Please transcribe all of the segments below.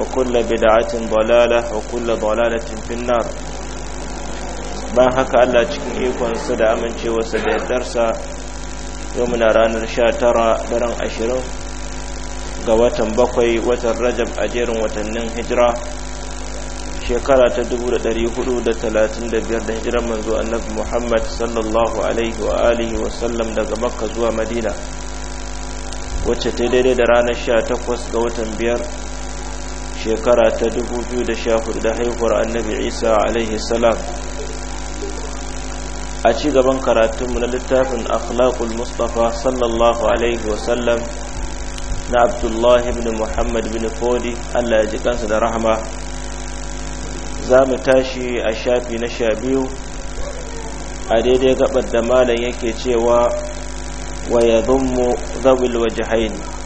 وكل بدعة ضلالة وكل ضلالة في النار bayan haka Allah cikin ikonsa da amincewarsa da darsa, yau muna ranar sha tara daren ashirin ga watan bakwai watan rajab a jerin watannin hijira shekara ta 435 da hijiran manzo annabi Muhammad sallallahu alaihi wa alihi wa sallam daga Makka zuwa Madina wacce ta daidai da ranar 18 ga watan biyar shekara ta 2014 da haihuwar annabi isa alaihi salam a ci gaban karatunmu na littafin akhlaqul mustafa sallallahu alaihi wasallam na abdullahi ibn muhammad bin fodi allah ya ji kansa da rahama za mu tashi a shafi na sha biyu a daidai gabar da malam yake cewa wa ya zummu zawil wajahaini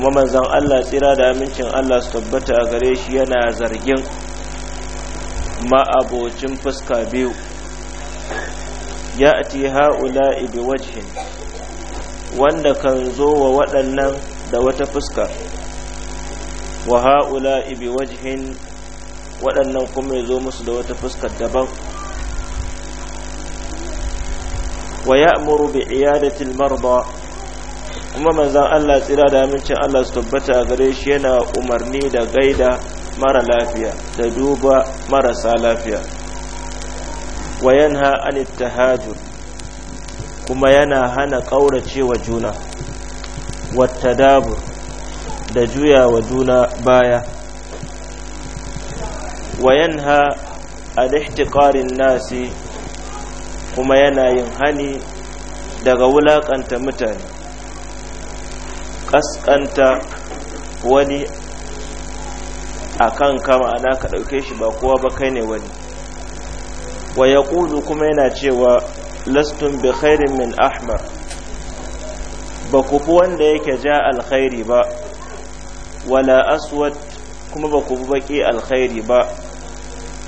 kuma manzan Allah tsira da amincin Allah su tabbata a gare shi yana zargin ma'abocin fuska biyu ya ati ha'ula ibi wajhin wanda kan zo wa waɗannan da wata fuska wa ha'ula ibi wajhin waɗannan kuma ya zo musu da wata fuska daban wa ya'muru bi iyadatil marba kuma manzan Allah tsira da amincin Allah su tabbata a gare shi yana umarni da gaida mara lafiya da duba marasa lafiya wa ha an tahajur kuma yana hana ƙauracewa juna wattadabur da juya wa juna baya wa ha al-ihtiqarin nasi kuma yana yin hani daga wulaƙanta mutane kaskanta wani a kan kama ana ka ɗauke shi ba kowa ba kai ne wani wa ya kuma yana cewa lastun bi khairin min ahmar ba ku fi wanda yake ja alkhairi ba wala aswad kuma ba ku baki baƙi alkhairi ba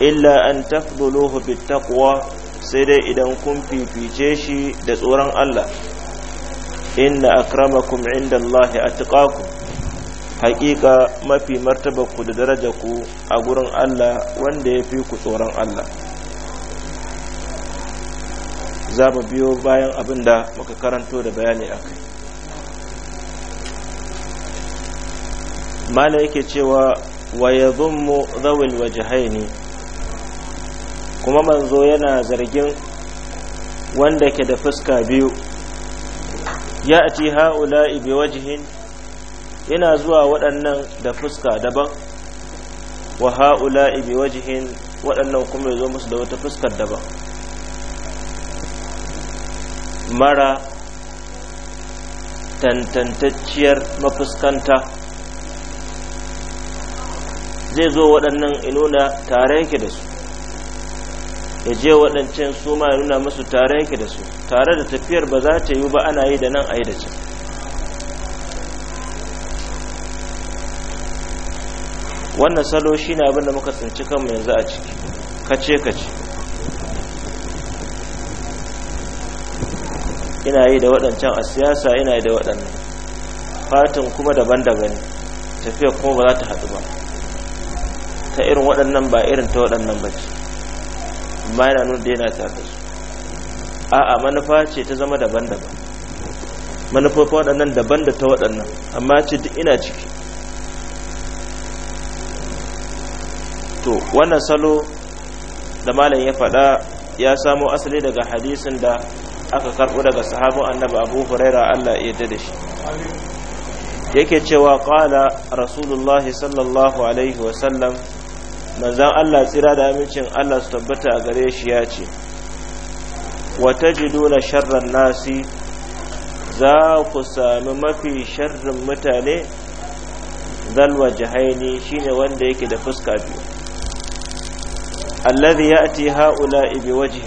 illa an tafi bi taqwa sai dai idan kun fifice shi da tsoron Allah inna akramakum inda Allahi atqakum haƙiƙa mafi martaba ku da daraja ku a gurin Allah wanda ya fi ku tsoron Allah za mu biyo bayan abin da muka karanto da bayani a kai mala yake cewa wa ya zummu zawil wajahaini kuma manzo yana zargin wanda ke da fuska biyu ya ci ha'ula'i bi wajihin yana zuwa waɗannan da fuska daban wa ha'ula'i bi wajihin waɗannan kuma ya zo musu da wata fuskar daban mara tantantacciyar mafuskanta zai zo waɗannan inuna tare yake da su ya je waɗancan su ma nuna musu tare yake da su tare da tafiyar ba za ta yi ba ana yi da nan a yi da can wannan salo shi ne abinda muka tsinci kanmu yanzu a ciki kace kace ina yi da waɗancan a siyasa ina yi da waɗannan fatin kuma daban-daban tafiyar kuma ba za ta haɗu ba ta irin waɗannan ba irin ta waɗannan ba ce amma yana da yana tafi a'a manufa ce ta zama daban-daban manufofi waɗannan daban da ta waɗannan amma ce duk ina ciki to wannan salo da malam ya faɗa ya samo asali daga hadisin da aka karɓo daga sahabin annabi abu huraira allah ya da shi yake cewa ƙala rasulullahi sallallahu alaihi wasallam manzan allah tsira da amincin allah su tabbata a gare shi ya ce wa tajiduna sharran nasi za ku sami mafi sharrin mutane zalwa jihaini shine wanda yake da fuska biyu allazi ya'ti haula bi wajhi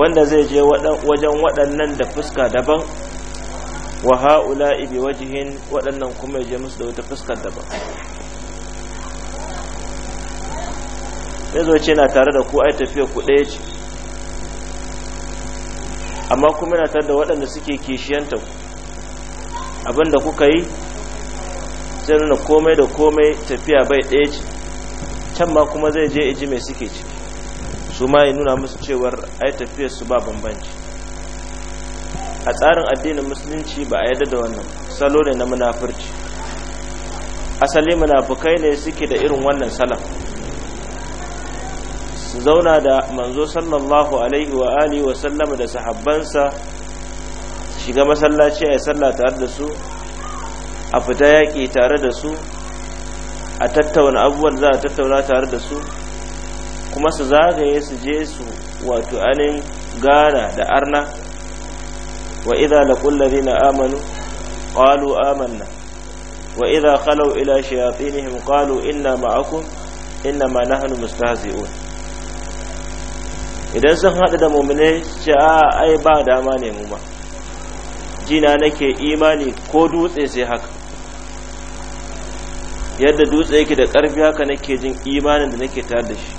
wanda zai je wajen waɗannan da fuska daban wa haula bi wajhin waɗannan kuma ya je musu da wata fuskar daban zai zo ce na tare da ku ai tafiya ku ɗaya ce amma kuma yana tarda da waɗanda suke kishiyanta abinda kuka yi zai nuna komai da komai tafiya bai ɗaya ce can ma kuma zai je iji mai suke ciki su ma ya nuna musu cewar ai tafiya su ba bambanci a tsarin addinin musulunci ba a yadda da wannan salo ne na munafurci asali munafukai ne suke da irin wannan salam su zauna da manzo sallallahu alaihi wa alihi wa sallama da sahabbansa shiga masallaci a sallah tare da su a fita yaƙi tare da su a tattauna abubuwan za a tattauna tare da su kuma su zagaye su je su wato anin gana da arna wa idza laqul ladina amanu qalu amanna wa idza khalu ila shayatinihim qalu inna ma'akum inna ma nahnu mustahzi'un idan sun haɗu da mummune ce a ai ba dama ne mu ma jina nake imani ko dutse sai haka yadda dutse yake da ƙarfi haka nake jin imanin da nake tare da shi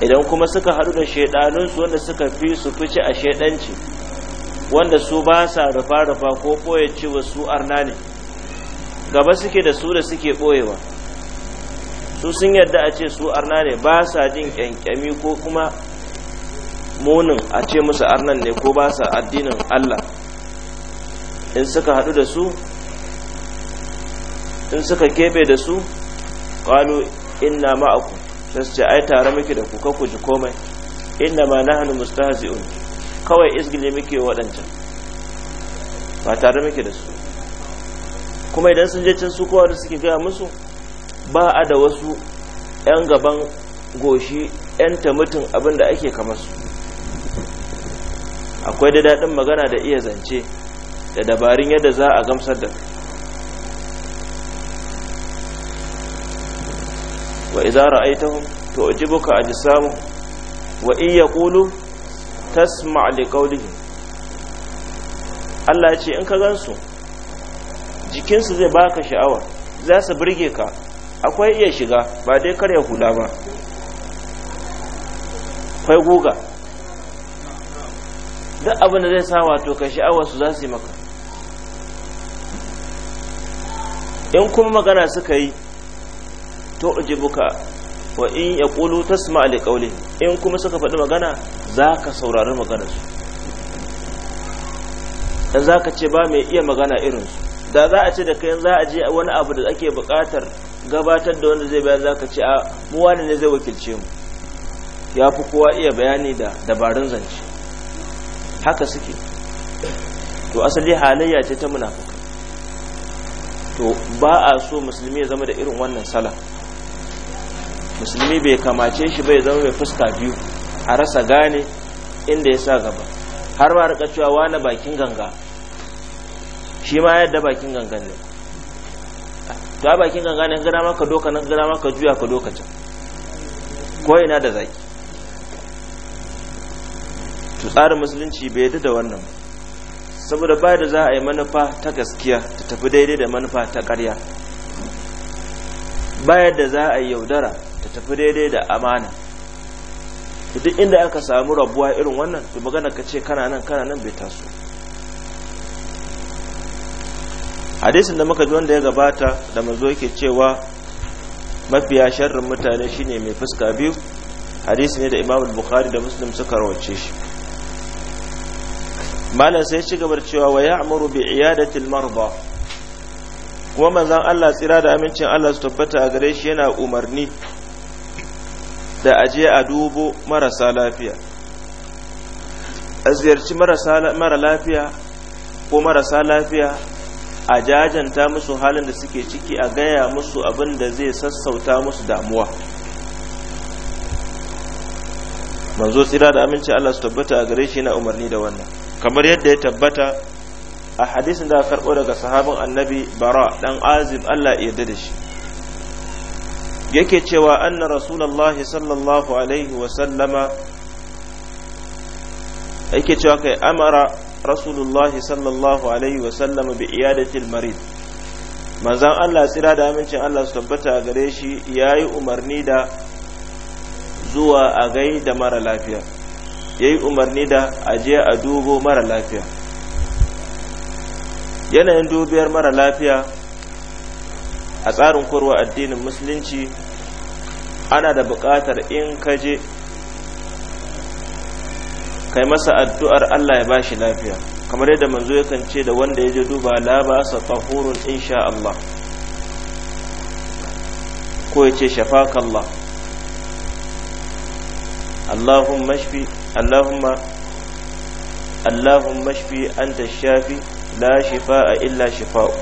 idan kuma suka haɗu da shaidanunsu wanda suka fi su fice a shaidanci wanda su ba sa rufa-rufa ko ɓoye cewa su arna ne gaba suke da su da suke ɓoyewa su sun yadda a ce su arna ne ba sa jin kyankyami ko kuma munin a ce musu arnan ne ko ba sa addinin Allah in suka haɗu da su in suka kebe da su ƙwalo inna ma'aku ta su ce ai tare muke da ku ku ji komai inna ma nahnu mustahzi'un kawai izgile muke waɗancan ba tare muke da su kuma idan sun je can su kowa da suke gaya musu ba a da wasu 'yan gaban goshi 'yan tamutin abin da ake kamar su akwai da daɗin magana da iya zance da dabarun yadda za a gamsar da wa izara aitahun to buka a wa iya ƙulu tasma alikaulihim Allah ce in ka gansu jikinsu zai baka sha'awa za su birge ka akwai iya shiga ba dai karya hula ba kai guga duk abin da zai sa wato ka sha'awar su za su yi maka in kuma magana suka yi to ujibuka wa in ya kulu ta suma in kuma suka faɗi magana za ka saurari maganarsu da za ka ce ba mai iya magana irinsu da za a ce da kai za a je wani abu da ake buƙatar gabatar da wanda zai bayar za ka ce a muwa wani ne zai wakilce mu ya fi kowa iya bayani da dabarun zance haka suke to asali halayya ce ta munafuka to ba a so musulmi ya zama da irin wannan sala musulmi bai kamace shi bai zama mai fuska biyu a rasa gane inda ya sa gaba har ma a wani bakin ganga shi ma yadda bakin gangan ne to a bakin ganga ne gana maka doka nan gana maka juya ka doka ko ina da zaki to tsarin musulunci bai yadda da wannan saboda ba da za a yi manufa ta gaskiya ta tafi daidai da manufa ta karya bayar da za a yi yaudara ta tafi daidai da amana duk inda aka samu rabuwa irin wannan to magana ka ce kana nan kana nan bai taso hadisin da muka ji wanda ya gabata da manzo yake cewa mafiya sharrin mutane shine mai fuska biyu hadisi ne da imam bukhari da muslim suka rawace shi malam sai ci gabar cewa wa ya'muru bi iyadati al-marda kuma manzon Allah tsira da amincin Allah su tabbata a gare shi yana umarni da aje a dubo marasa lafiya a ziyarci mara lafiya ko marasa lafiya a jajanta musu halin da suke ciki a gaya musu abin da zai sassauta musu damuwa manzo tsira da aminci Allah su tabbata a gare shi na umarni da wannan kamar yadda ya tabbata a hadisin da karɓo daga sahabin annabi bara dan azib Allah ya yarda da shi yake cewa anna rasulullahi sallallahu alaihi wa sallama yake cewa kai amara rasulullahi sallallahu alaihi wasallam bi iyadatil marid manzan Allah tsira da amincin Allah su tabbata gare shi ya yi umarni da zuwa a gai da mara lafiya ya yi umarni da aje a dubo mara lafiya yanayin dubiyar mara lafiya a tsarin korwa addinin musulunci ana da buƙatar in kaje kai masa addu'ar Allah ya bashi lafiya kamar yadda manzo yakan ce da wanda ya je duba laba sa tahurun insha Allah ko ya ce shafaka Allah Allahumma shafi Allahumma Allahumma shfi anta shafi la shifaa illa shifaa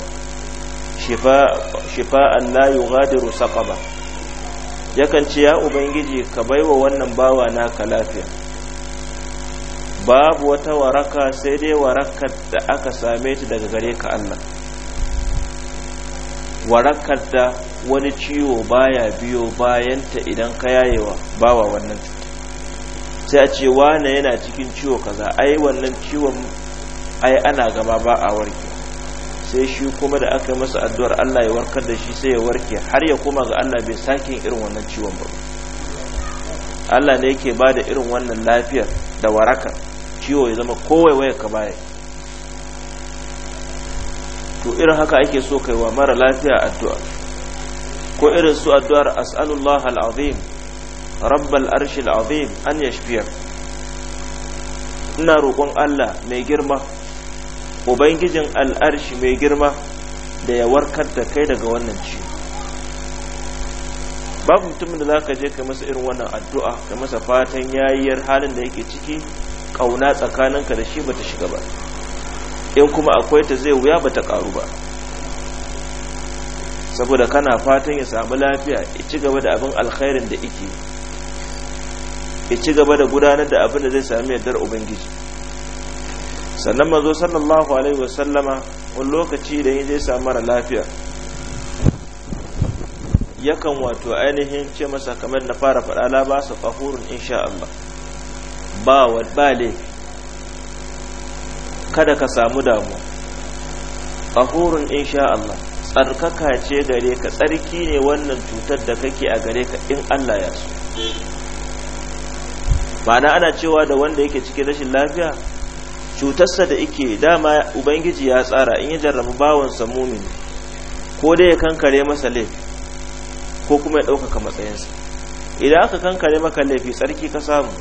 shifaan la yughadiru ba yakan ce ya ubangiji ka baiwa wannan bawa naka lafiya babu wata waraka sai dai warakar da aka same ta daga gare ka Allah warakar da wani ciwo baya biyo bayanta idan ka yayewa bawa wannan cuta sai a ce wane yana cikin ciwo kaza ai wannan ciwon ai ana gaba ba a warke sai shi kuma da aka masa addu'ar Allah ya warkar da shi sai ya warke har ya kuma ga Allah bai sake irin wannan ciwon ba Allah ne yake bada irin wannan lafiyar da waraka ciwo ya zama kowai waya ka baya to irin haka ake so kai wa mara lafiya addu'a ko irin su addu'ar as'alullah al'azim rabbal arshi al'azim an yashfiya ina roƙon Allah mai girma ubangijin al'arshi mai girma da ya warkar da kai daga wannan ci babu mutumin da za ka je ka masa irin wannan addu'a ka masa fatan yayyar halin da yake ciki kauna tsakaninka da shi ba ta shiga ba in kuma akwai ta zai wuya ba ta karu ba saboda kana fatan ya samu lafiya ya ci gaba da abin alkhairin da ike ya ci gaba da gudanar da abin da zai sami yardar ubangiji sannan mazo sallallahu alaihi wasallama wani lokaci da ya zai samu mara lafiya yakan wato ainihin ce masa kamar na fara faɗa labasa ba ƙahurun insha Allah ba wa kada ka samu damu tahurun insha Allah tsarkaka ce gare ka tsarki ne wannan cutar da kake a gare ka in Allah ya so ma'ana ana cewa da wanda yake cikin rashin lafiya cutarsa da ike dama ubangiji ya tsara in ya jarrabu bawansa mumini ko dai ya kankare masa laifi ko kuma ya ɗaukaka matsayinsa idan aka kankare maka laifi tsarki ka samu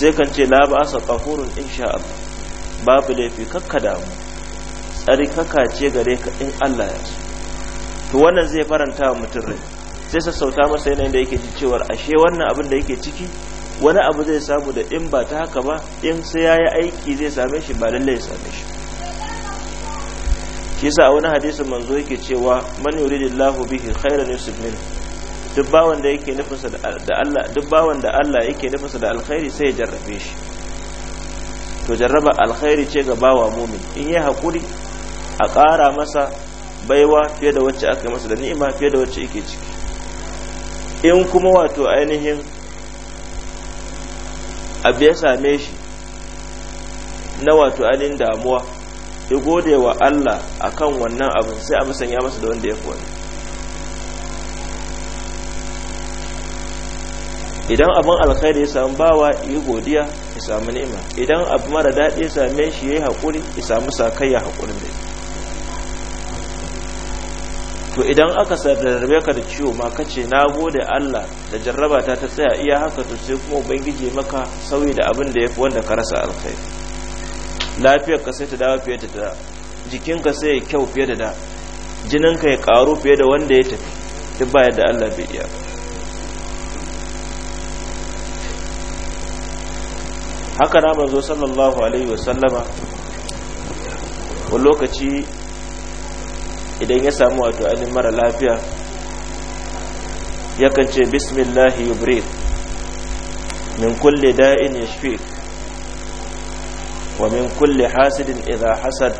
sai kan ce la ba asa qahurun insha Allah babu laifi kakka damu tsari kakka ce gare ka in Allah ya so to wannan zai faranta wa mutum rai sai sassauta masa yanayin da yake ji cewar ashe wannan abin da yake ciki wani abu zai samu da in ba ta haka ba in sai ya yi aiki zai same shi ba lallai ya same shi shi sa a wani hadisin manzo yake cewa man yuridillahu bihi khairan yusuf duk bawan da yake nufinsa da Allah da Allah yake nufinsa da alkhairi sai ya jarrabe shi to jarraba alkhairi ce ga bawa mumin in yi hakuri a ƙara masa baiwa fiye da wacce aka yi masa da ni'ima fiye da wacce yake ciki in kuma wato ainihin abu ya same shi na wato ainihin damuwa ya gode wa Allah akan wannan abin sai a musanya masa da wanda ya fi wani idan abin alkhairi ya samu bawa yi godiya ya samu ni'ima idan abu mara daɗi ya same shi ya yi haƙuri ya samu sakayya haƙurin da to idan aka sarrabe ka da ciwo ma ka ce na gode Allah da jarraba ta ta tsaya iya haka to sai kuma ubangiji maka sauyi da abin da ya fi wanda ka rasa alkhairi lafiyar ka sai ta dawo fiye da da jikinka sai ya kyau fiye da da jinin ka ya karu fiye da wanda ya tafi duk ba da Allah bai iya ba haka na manzo sallallahu alaihi wasallama wani lokaci idan ya samu wato ainihin mara lafiya yakan ce bismillahi yubrid min kulle da'in yashfik wa min kulle hasidin idha hasad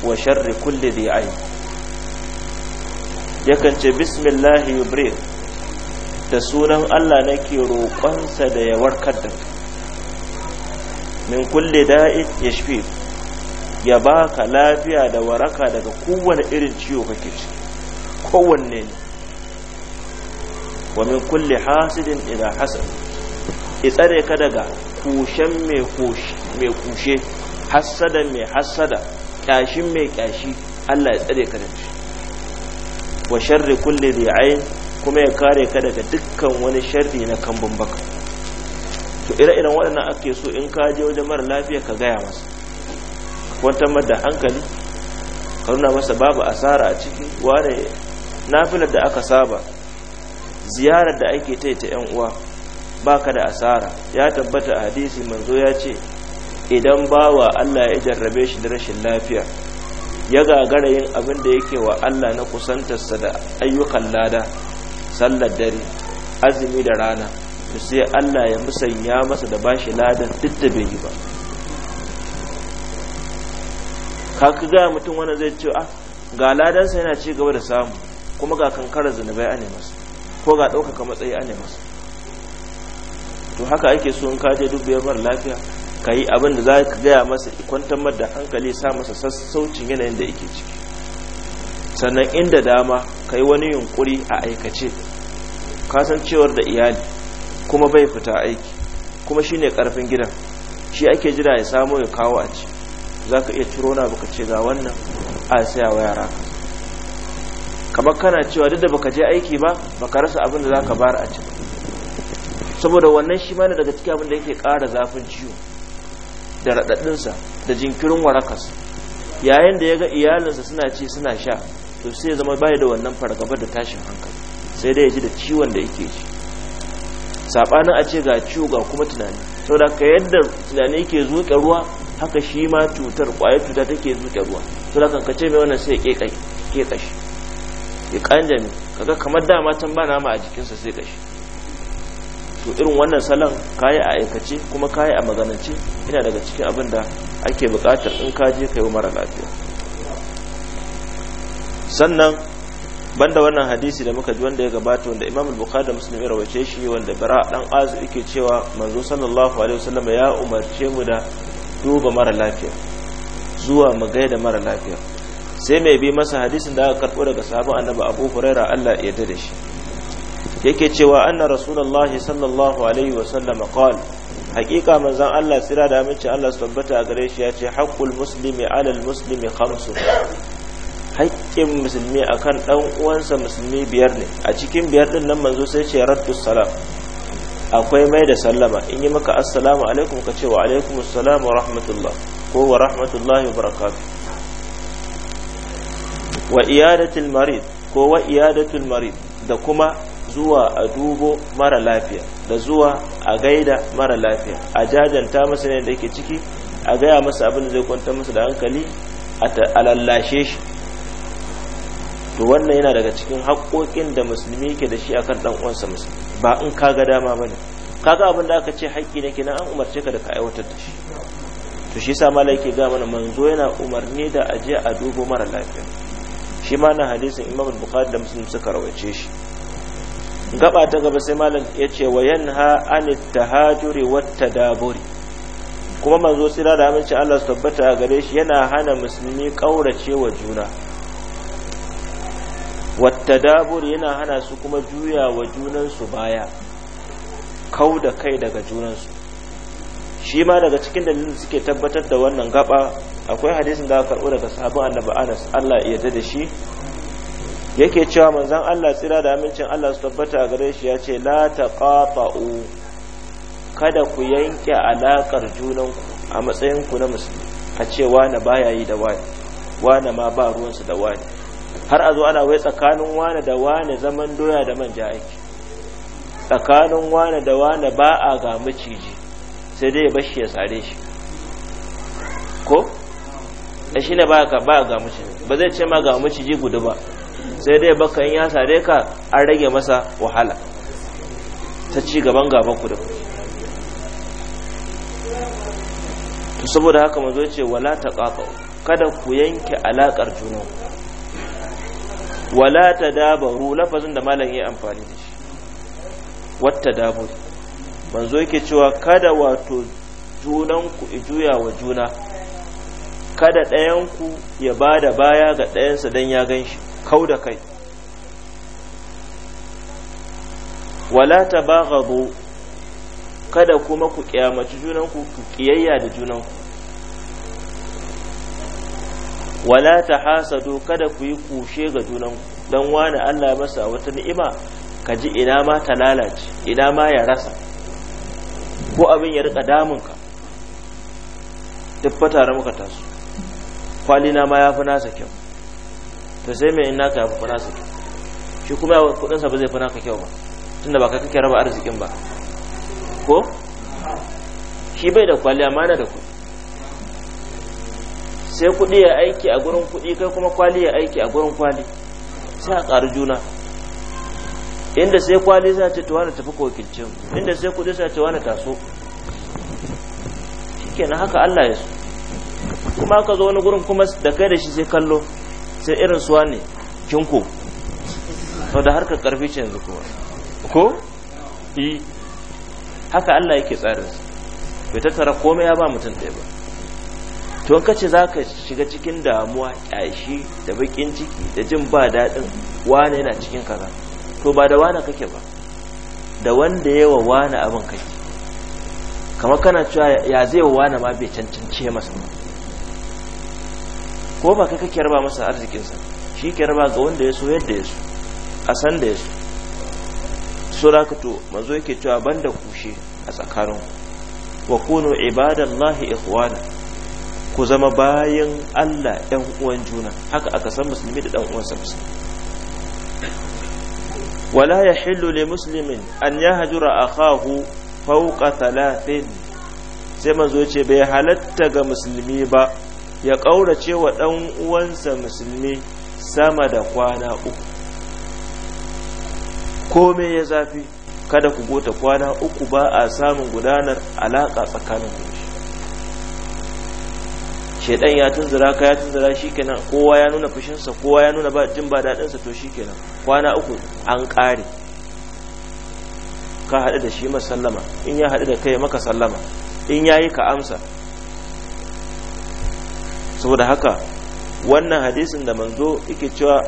wa sharri kulle da di'ai yakan ce bismillahi yubrid da sunan Allah nake roƙonsa da ya warkar da ku min kulli da'in yashfi ya baka lafiya da waraka daga kowane irin ciwo kake ciki kowanne ne wa min kulli hasidin idha hasad tsare ka daga kushen mai kushe hasada mai hasada kyashin mai kyashi Allah ya tsare ka da shi wa sharri kulli ri'ain kuma ya kare ka daga dukkan wani sharri na kambun baka to ire-iren waɗannan ake so in ka je wajen mara lafiya ka gaya masa kwantar da hankali ka nuna masa babu asara a ciki wane nafilar da aka saba ziyarar da ake ta ta yan uwa baka da asara ya tabbata a hadisi manzo ya ce idan bawa Allah ya jarrabe shi da rashin lafiya ya gagara yin abin da yake wa Allah na kusantarsa da ayyukan lada sallar dare azumi da rana to sai Allah ya musanya masa da bashi ladan duk da bai yi ba kaka ga mutum wanda zai ce ah ga ladansa yana ci gaba da samu kuma ga kankarar zunubai ane masa ko ga ɗaukaka matsayi ane masa to haka ake so in ka je duk biyar mara lafiya ka yi abin da za ka gaya masa kwantar da hankali sa masa sassaucin yanayin da yake ciki sannan inda dama ka yi wani yunkuri a aikace kasancewar da iyali kuma bai fita aiki kuma shine karfin gidan shi ake jira ya samu ya kawo a ci za ka iya ciro na baka ce ga wannan a saya wa yara kamar kana cewa duk da baka je aiki ba baka rasa abin da za ka bar a ci saboda wannan shi ma ne daga cikin abin da yake ƙara zafin ciwo da sa da jinkirin warakas yayin da ya ga iyalinsa suna ci suna sha to sai ya zama bai da wannan fargaba da tashin hankali sai dai ya ji da ciwon da yake ji sabanin a ce ga ciwo ga kuma tunani sau da ka yadda tunani ke zuƙe ruwa haka shi ma cutar ƙwayar cuta take zuƙe ruwa da kan ka ce mai wannan sai ya ke kashi ya kanjami kaga kamar dama can ba nama a jikinsa sai kashi to irin wannan salon kayi a aikace kuma kayi a maganace ina daga cikin abin da ake buƙatar in ka je ka yi mara lafiya sannan banda wannan hadisi da muka ji wanda ya gabata wanda Imam Bukhari da Muslim ya rawace shi wanda Bara dan Azu yake cewa manzo sallallahu alaihi wasallam ya umarce mu da duba mara lafiya zuwa mu gaida mara lafiya sai mai bi masa hadisin da aka karbo daga sabon annabi Abu Hurairah Allah ya yarda da shi yake cewa anna rasulullahi sallallahu alaihi wasallam qala hakika manzon Allah sira da amince Allah su tabbata a gare shi ya ce haqqul muslimi alal muslimi khamsun haƙƙin musulmi akan ɗan uwansa musulmi biyar ne a cikin biyar ɗin nan manzo sai ce raddus salam akwai mai da sallama in yi maka assalamu alaikum ka ce wa alaikum assalamu wa rahmatullah ko wa rahmatullahi wa barakatu wa iyadatul marid ko wa iyadatul marid da kuma zuwa a dubo mara lafiya da zuwa a gaida mara lafiya a jajanta masa ne da yake ciki a gaya masa abin da zai kwanta masa da hankali a lallashe shi to wannan yana daga cikin haƙoƙin da musulmi yake da shi akan dan uwansa ba in ka ga dama bane kaga abin da aka ce haƙƙi ne kenan an umarce ka da ka aiwatar da shi to shi yasa malai ga mana manzo yana umarni da aje a dubo mara lafiya shi ma na hadisin Imam Bukhari da Muslim suka rawaice shi gaba ta gaba sai malam ce wa yanha anit tahajuri wat tadaburi kuma manzo tsira da aminci Allah su tabbata gare shi yana hana musulmi kaurace wa juna wattadabur yana hana su kuma juya wa junansu baya kau da kai daga junansu shi ma daga cikin dalilin suke tabbatar da wannan gaba akwai hadisin da aka karɓo daga sabon annabi Anas Allah ya yarda da shi yake cewa manzon Allah tsira da amincin Allah su tabbata a gare shi ya ce la ƙafa'u' kada ku yanke alaƙar junanku a matsayin ku na musulmi a ce na baya yi da wani wani ma ba ruwansu da wani har a zo ana wai tsakanin wane da wane zaman doya da manja ake tsakanin wane da wane ba a ga maciji sai dai bashi ya tsare shi ko shi ne ba a ga maciji ba zai ce ma ga maciji gudu ba sai dai baka in ya sare ka an rage masa wahala ta ci gaban gaban ku da to saboda haka manzo ce wala ta kada ku yanke alakar junanku wala tadabaru lafazin da malam ya amfani da shi wata daburi banzo yake cewa kada wato junanku juya wa juna kada ɗayanku ya ba da baya ga ɗayansa don ya ganshi shi kau da kai wala ta kada kuma ku kyamaci junanku ku kiyayya da junanku wala ta hasado kada ku yi kushe ga junan don wani Allah masa wata ni'ima ka ji ina ma ta lalace ina ma ya rasa ko abin ya rika damunka duk fatara muka taso kwalina ma ya fi nasa kyau to sai mai ina ka fi nasa kyau shi kuma kudinsa ba zai fi naka kyau ba tunda ba ka kake raba arzikin ba ko shi bai da kwali na da kudi sai kudi ya aiki a gurin kudi kai kuma kwali ya aiki a gurin kwali sai a karu juna inda sai kwali za ce tuwa na tafi kokincin inda sai kudi za ce wani taso shikenan haka Allah ya su kuma ka zo wani gurin kuma da kai da shi sai kallo sai irin suwa ne kinko sau da harkar karfi ce yanzu kuma ko yi e. haka Allah yake tsarinsa bai tattara komai ya ba mutum ɗaya ba to kace kace ka shiga cikin damuwa kyashi da bakin ciki da jin ba daɗin wane yana cikin kaza to ba da wane kake ba da wanda yawa wane abin kake kamar kana cewa ya zai wa wane ma bai cancance masa ko ba kai kake ba masa arzikinsa shi ke ba ga wanda ya so yadda ya so a san da ya so sura ka to manzo yake cewa banda kushe a tsakaninku wa kunu ibadallahi ikhwana ku zama bayan Allah ɗan uwan juna haka aka san musulmi da ɗan uwansa musulmi wala ya hillu li muslimin an ya hajura akahu fauka talatin sai manzo ce bai halatta ga musulmi ba ya ƙaurace wa ɗan uwansa musulmi sama da kwana uku kome ya zafi kada ku gota kwana uku ba a samun gudanar alaƙa tsakaninku? shaidan ya tunzura ka ya tunzura shikenan kowa ya nuna fushinsa kowa ya nuna jin ba daɗinsa to shikenan kwana uku an ƙare ka haɗu da shi ma sallama in ya haɗu da kai maka sallama in ya yi ka amsa saboda haka wannan hadisin da manzo yake cewa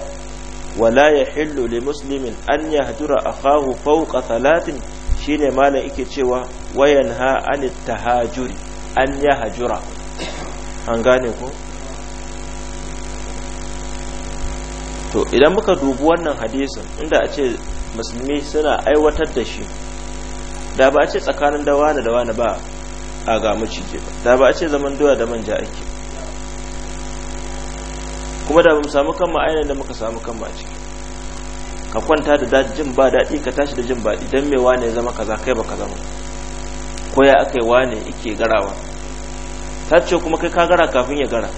wala ya hillu li muslimin an ya hadura akahu fauka talatin shine malam yake cewa wayan ha an tahajuri an ya hajura an gane ko to idan muka dubi wannan hadisin inda a ce musulmi suna aiwatar da shi da ba a ce tsakanin dawa da dawa ba a ga maciji ba da ba a ce zaman doya da manja ake kuma da ba mu samu kan ma'ainihin da muka samu kan a ciki ka kwanta da jin ba daɗi ka tashi da jin baɗi don mai wane ya zama kaza kai ba ka zama ko ya aka yi wane ike garawa sace ce kuma kai ka gara kafin ya gara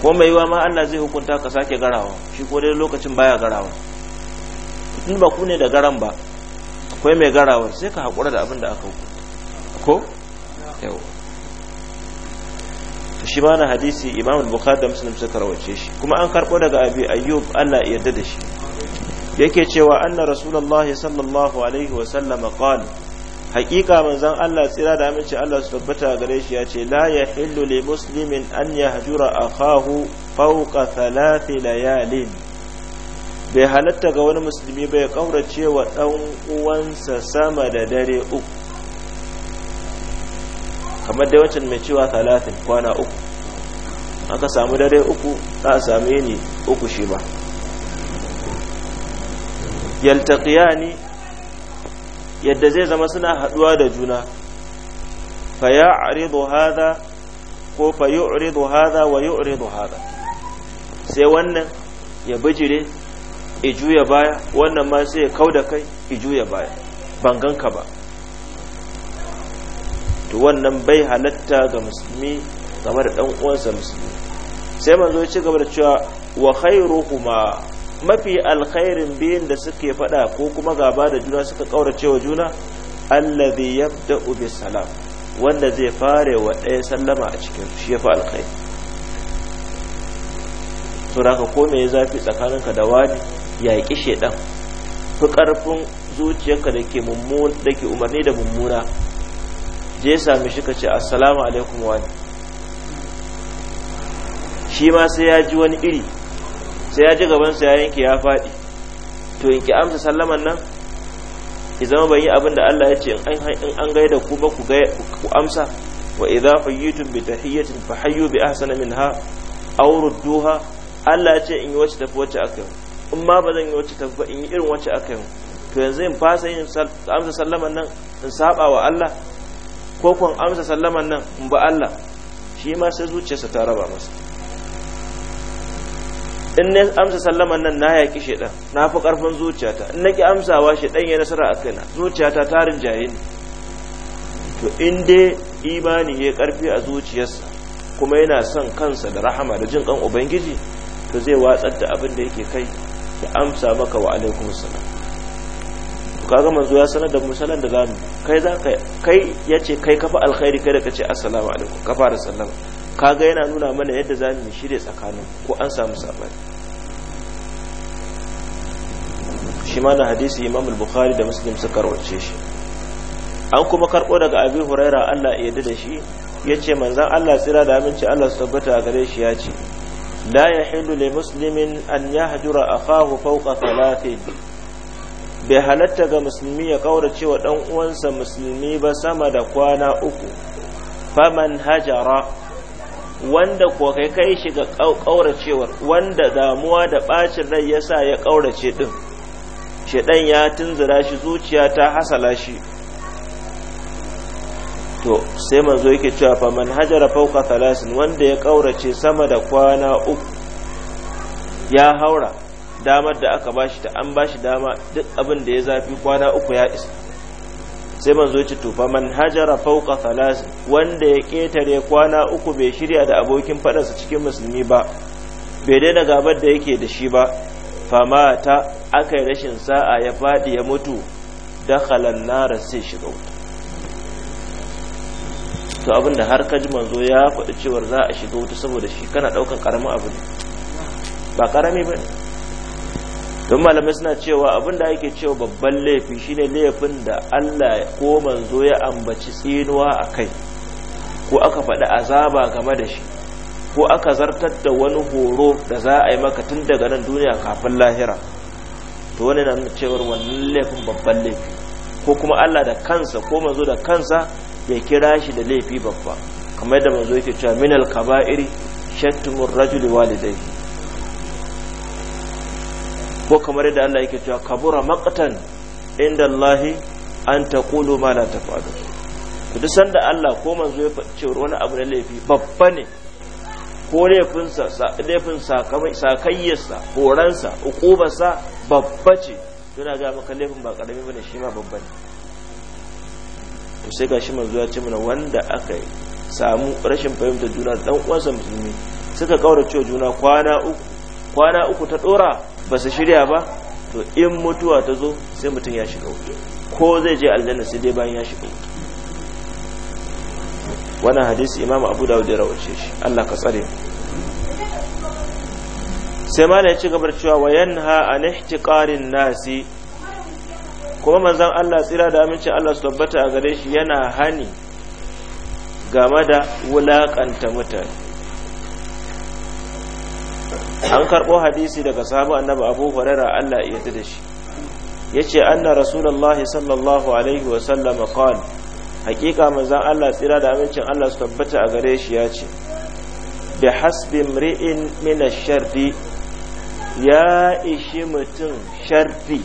ko mai yiwa ma Allah zai hukunta ka sake garawa shi ko dai lokacin baya garawa tun ba ku ne da garan ba akwai mai garawa sai ka haƙura da abin da aka hukunta ko yau. to shi ma na hadisi imam bukhari da muslim suka rawace shi kuma an karɓo daga abi ayyub Allah ya yarda da shi yake cewa anna rasulullahi sallallahu alaihi wa sallam qala haƙiƙa manzon Allah tsira da aminci Allah su tabbata gare shi ya ce la yahillu li muslimin an ya yahjura akahu fawqa thalathi layalin bai halatta ga wani musulmi bai kaurace wa dan uwansa sama da dare uku kamar da wancan mai cewa talatin kwana uku aka samu dare uku za a same ni uku shi ba yaltaqiyani yadda zai zama suna haɗuwa da juna fa aridu hada ko fa aridu hada wa aridu hada sai wannan ya bijire i juya baya wannan ma sai ya kauda kai i juya baya ban ganka ba to wannan bai halatta ga musulmi game da dan uwansa musulmi sai manzo ya ci gaba da cewa wa khairuhuma mafi alkhairin biyun da suke faɗa ko kuma gaba da juna suka ƙaurace wa juna allazi yabda'u bisalam wanda zai fare wa ɗaya sallama a cikin shi yafi alkhairi to ka ko me zafi tsakaninka da wani ya yaƙi shedan fi ƙarfin zuciyarka da ke da ke umarni da mummuna je sami shi ka ce assalamu alaikum wani shi ma sai ya ji wani iri sai ya ji gabansa ya yanke ya faɗi to in ki amsa sallaman nan ki zama ban yi abin da Allah ya ce in an gaida ku ba ku amsa wa idza hayyitum bi tahiyyatin fa hayyu bi ahsana minha aw rudduha Allah ya ce in yi wacce tafi wacce aka yi in ma ba zan yi wacce tafi ba in yi irin wacce aka yi to yanzu in fasa yin amsa sallaman nan in saba wa Allah ko kun amsa sallaman nan in ba Allah shi ma sai zuciyarsa ta raba masa in na amsa sallaman nan na yaƙi shaidan na fi ƙarfin zuciyata in na amsawa shaidan ya nasara a kaina zuciyata ta rinjaye ni to in dai imani ya karfi a zuciyarsa kuma yana son kansa da rahama da jin kan ubangiji to zai watsar da abin da yake kai ya amsa maka wa alaikum salam to kaga manzo ya sanar da musalan da zamu kai za kai yace kai kafa alkhairi kai da kace assalamu alaikum kafa da sallama kaga yana nuna mana yadda za mu shirya tsakanin ko an samu sabani shi ma na hadisi imam al-bukhari da muslim suka rawace shi an kuma karɓo daga abi huraira allah ya yarda da shi yace manzon allah tsira da aminci allah su tabbata a gare shi yace ce la ya hindu li muslimin an yahjura akahu a fahu bai halatta ga musulmi ya kaura cewa dan uwansa musulmi ba sama da kwana uku faman hajara wanda ko kai kai shi ga ƙauracewar wanda damuwa da ɓacin rai ya sa ya ƙaurace ɗin shaɗan ya tunzura shi zuciya ta hasala shi to sai manzo yake cewa fa man hajara fawqa thalasin wanda ya ƙaurace sama da kwana uku ya haura damar da aka bashi ta an bashi dama duk abin da ya zafi kwana uku ya isa sai manzo ya ce to fa man hajara fawqa thalas wanda ya ketare kwana uku bai shirya da abokin fadarsa cikin musulmi ba bai daina gabar da yake da shi ba fama ta akayi rashin sa'a ya faɗi ya mutu da nar sai shiga wuta to abinda har kaji manzo ya faɗi cewa za a shiga wuta saboda shi kana daukan ƙaramin abu ne ba ƙarami ba don malamai suna cewa abin da ake cewa babban laifi shine laifin da Allah ko manzo ya ambaci tsinuwa a kai ko aka faɗi azaba game da shi ko aka zartar da wani horo da za a yi maka tun daga nan duniya kafin lahira to wani na cewar wannan laifin babban laifi ko kuma Allah da kansa ko manzo da kansa ya kira shi da laifi babba kamar da manzo yake cewa minal kaba'iri shattumur rajuli walidayhi ko kamar yadda Allah yake cewa kabura maqtan inda Allah an taqulu ma la taf'alu to duk sanda Allah ko manzo ya ce wani abu da laifi babba ne ko sa laifin sakayyarsa horansa ukubarsa babba ce yana ga maka laifin ba karami bane shi ma babba ne to sai gashi manzo ya ce mana wanda aka samu rashin fahimtar juna dan uwansa musulmi suka cewa juna kwana uku kwana uku ta dora ba su shirya ba to in mutuwa ta zo sai mutum ya shiga wuta ko zai je aljanna sai dai bayan ya shiga wuta wannan hadisi imam abu dawud ya rawace shi Allah ka tsare sai ma ya ci gaba da cewa wa yanha an ihtiqarin nasi kuma manzon Allah tsira da aminci Allah su tabbata a gare shi yana hani game da wulakanta mutane an karbo hadisi daga sahabu annabi abu hurairah Allah ya yarda da shi yace anna rasulullahi sallallahu alaihi wa sallam qala haqiqa manzon Allah tsira da amincin Allah su tabbata a gare shi yace ce bi hasbi mri'in min ash-sharri ya ishi mutum sharri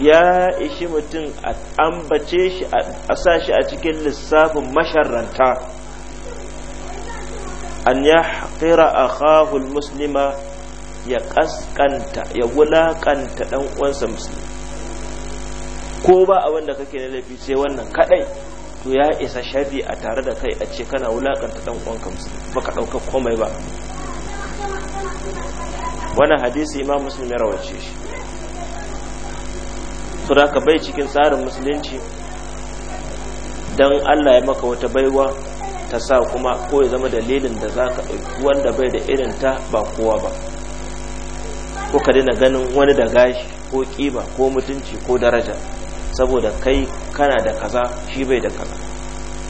ya ishi mutum a ambace shi a sa shi a cikin lissafin masharranta an ya haƙira a kahul muslima ya ƙasƙanta ya wulaƙanta ɗan uwansa musulmi ko ba abin da kake na laifi sai wannan kaɗai to ya isa shafi a tare da kai a ce kana wulaƙanta ɗan uwanka musulmi ka ɗauka komai ba wani hadisi imam musulmi ya rawace shi su da ka bai cikin tsarin musulunci don Allah ya maka wata baiwa ta sa kuma ko ya zama dalilin da za ka ɗauki wanda bai da irin ta ba kowa ba ko ka dina ganin wani da gashi ko ƙiba ko mutunci ko daraja saboda kai kana da kaza shi bai da kaza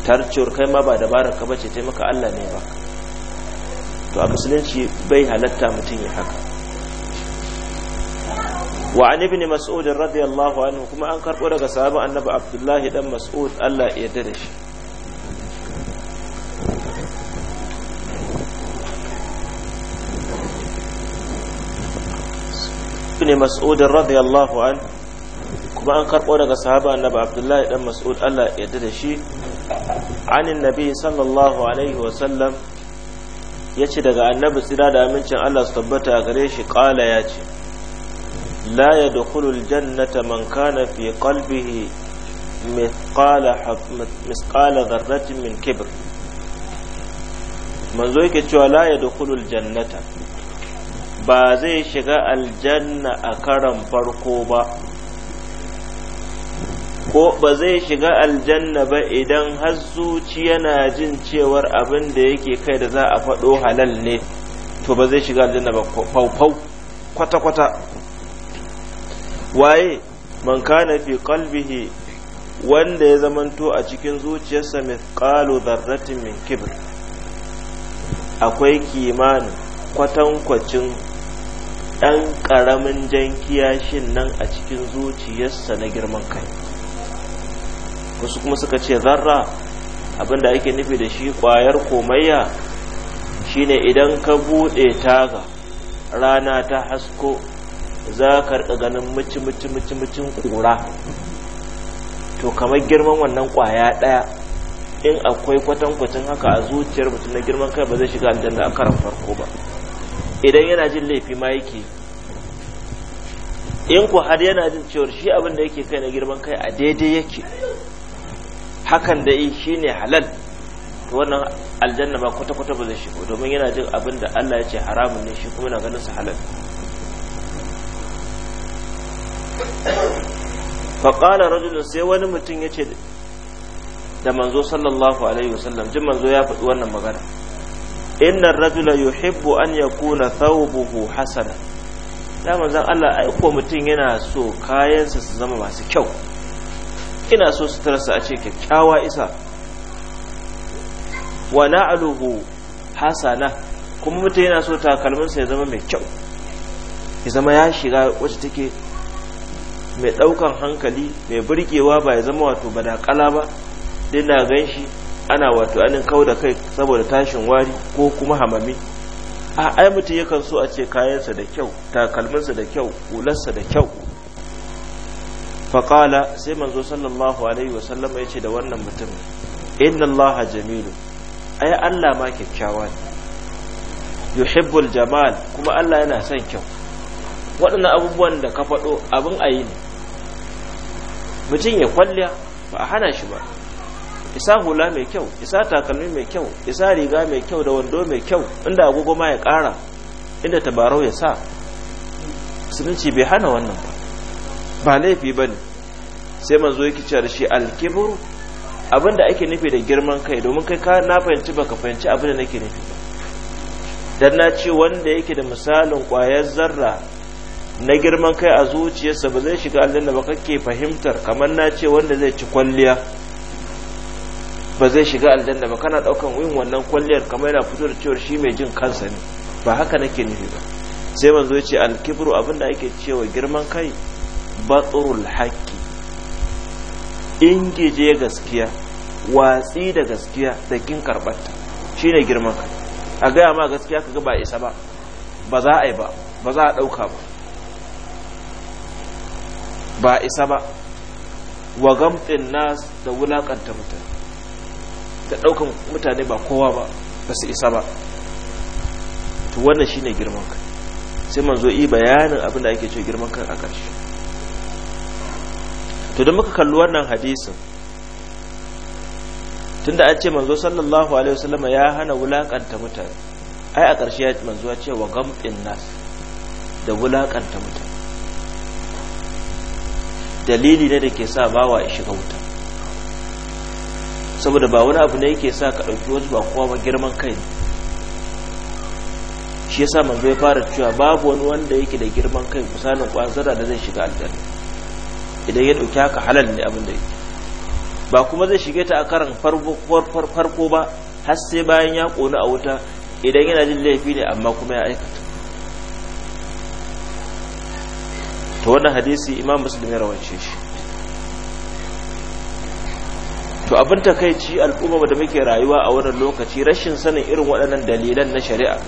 tarciyar kai ma ba dabarar ka bace taimaka Allah ne ba to a musulunci bai halatta mutum ya haka wa an ibn mas'ud radiyallahu anhu kuma an karbo daga sahabi annabi abdullahi dan mas'ud Allah ya yarda da shi ibn mas'ud radiyallahu an kuma an karbo daga sahaba annabi abdullahi dan mas'ud Allah ya yarda da shi anin nabi sallallahu alaihi wa sallam yace daga annabi tsira da amincin Allah su tabbata gare shi kala ya ce la yadkhulu aljannata man kana fi qalbihi mithqala mithqala dharratin min kibr manzo yake cewa la yadkhulu aljannata ba zai shiga aljanna a karan farko ba ko ba zai shiga aljanna ba idan har zuci yana jin cewar abin da yake kai da za a faɗo halal ne to ba zai shiga aljanna ba faufau kwata-kwata waye man kana fi qalbihi wanda ya zamanto a cikin zuciyarsa mai kalu zarratin min kibr akwai kimanin kwatankwacin ɗan ƙaramin jan kiyashin nan a cikin zuciyarsa na girman kai wasu kuma suka ce zarra abinda ake nufi da shi ƙwayar komayya shine idan ka buɗe taga rana ta hasko za ka rika ganin mici mici to kamar girman wannan ƙwaya ɗaya in akwai kwatankwacin haka a zuciyar mutum na girman kai ba zai shiga aljanna a karan farko ba idan yana jin laifi ma yake in ku har yana jin cewar shi abin da yake kai na girman kai a daidai yake hakan da yi shi ne halal to wannan aljanna ma kwata-kwata ba zai shigo domin yana jin abin da Allah ya ce haramun ne shi kuma na ganin su halal faƙala rajulun sai wani mutum ya ce da manzo sallallahu alaihi wasallam jin manzo ya faɗi wannan magana inna rajula yuhibbu an yakuna thawbuhu hasana da manzon Allah ai ko mutum yana so kayansa su zama masu kyau ina so tarasa a ce kyakkyawa isa wa na'aluhu hasana kuma mutum yana so takalminsa ya zama mai kyau ya zama ya shiga wacce take mai daukan hankali mai burgewa ba ya zama wato badakala ba dai na gan shi ana wato anin kau da kai saboda tashin wari ko kuma hamami a ai mutum yakan so a ce kayansa da kyau takalminsa da kyau hularsa da kyau faƙala sai manzo sallallahu alaihi wasallama ya ce da wannan mutum inna allaha jamilu ai allah ma kyakkyawa ne yuhibbul jamal kuma allah yana son kyau waɗannan abubuwan da ka faɗo abin ayi ne mutum ya kwalliya ba a hana shi ba isa hula mai kyau isa takalmi mai kyau isa riga mai kyau da wando mai kyau inda agogo ma ya kara inda tabarau ya sa musulunci bai hana wannan ba ba laifi ba ne sai manzo yake cewa da shi alkibru abinda ake nufi da girman kai domin kai ka na fahimci baka fahimci abin da nake nufi dan na ce wanda yake da misalin kwayar zarra na girman kai a zuciyarsa ba zai shiga aljanna ba kake fahimtar kamar na ce wanda zai ci kwalliya ba zai shiga aljanna ba kana daukan yin wannan kwalliyar kamar yana fito da cewar shi mai jin kansa ne ba haka nake nufi ba sai manzo ce alkibru abinda ake cewa girman kai batrul haqqi ingije gaskiya watsi da gaskiya da kin karbata shine girman kai a gaya ma gaskiya kaga ba isa ba ba za a yi ba ba za a dauka ba ba isa ba wa gamtin nas da wulakanta mutane da ɗaukan mutane ba kowa ba ba su isa ba to wannan shine girman kai sai manzo yi bayanin abin da ake ce girman kai a ƙarshe to da muka kalli wannan hadisin tunda an ce manzo sallallahu alaihi wasallam ya hana wulakanta mutane ai a ƙarshe ya manzo ya ce wa gamɗin nas da wulakanta mutane dalili ne da ke sa bawa ya shiga wuta saboda ba wani abu ne yake sa ka ɗauki wasu ba kowa ba girman kai shi yasa manzo ya fara cewa babu wani wanda yake da girman kai kusanin kwanzara da zai shiga aljanna idan ya ɗauki haka halal ne abin da yake ba kuma zai shige ta a karan farko ba har sai bayan ya ƙoni a wuta idan yana jin laifi ne amma kuma ya aikata to wannan hadisi imam musulmi ya rawance shi to abin takaici al'umma da muke rayuwa a wannan lokaci rashin sanin irin waɗannan dalilan na shari'a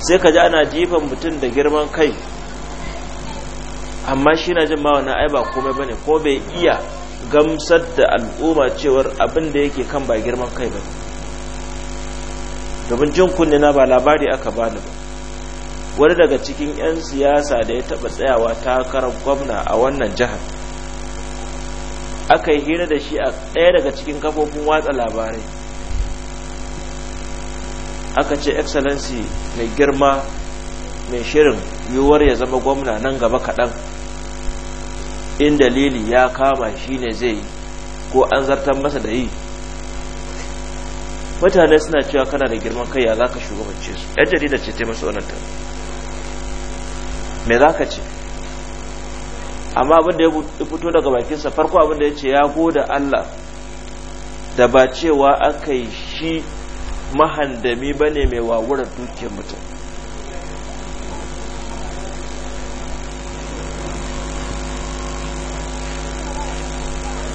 sai ka ji ana jifan mutum da girman kai amma shi na jin ma wannan ai ba komai bane ko bai iya gamsar da al'umma cewar abin da yake kan ba girman kai ba domin jin kunne na ba labari aka bani ba wani daga cikin 'yan siyasa da ya taɓa tsayawa takarar gwamna a wannan jihar aka yi hira da shi a ɗaya daga cikin kafofin watsa labarai aka ce excellency mai girma mai shirin yiwuwar ya zama gwamna nan gaba kaɗan in dalili ya kama shi ne zai yi ko an zartar masa da yi mutane suna cewa kana da girman kai ya za ka shugabance su yan jarida ce ta masu wannan me za ka ce amma abin da ya fito daga bakinsa farko abin da ya ce ya goda Allah da ba cewa aka yi shi mahandami ba ne mai wawurar dukiyar mutum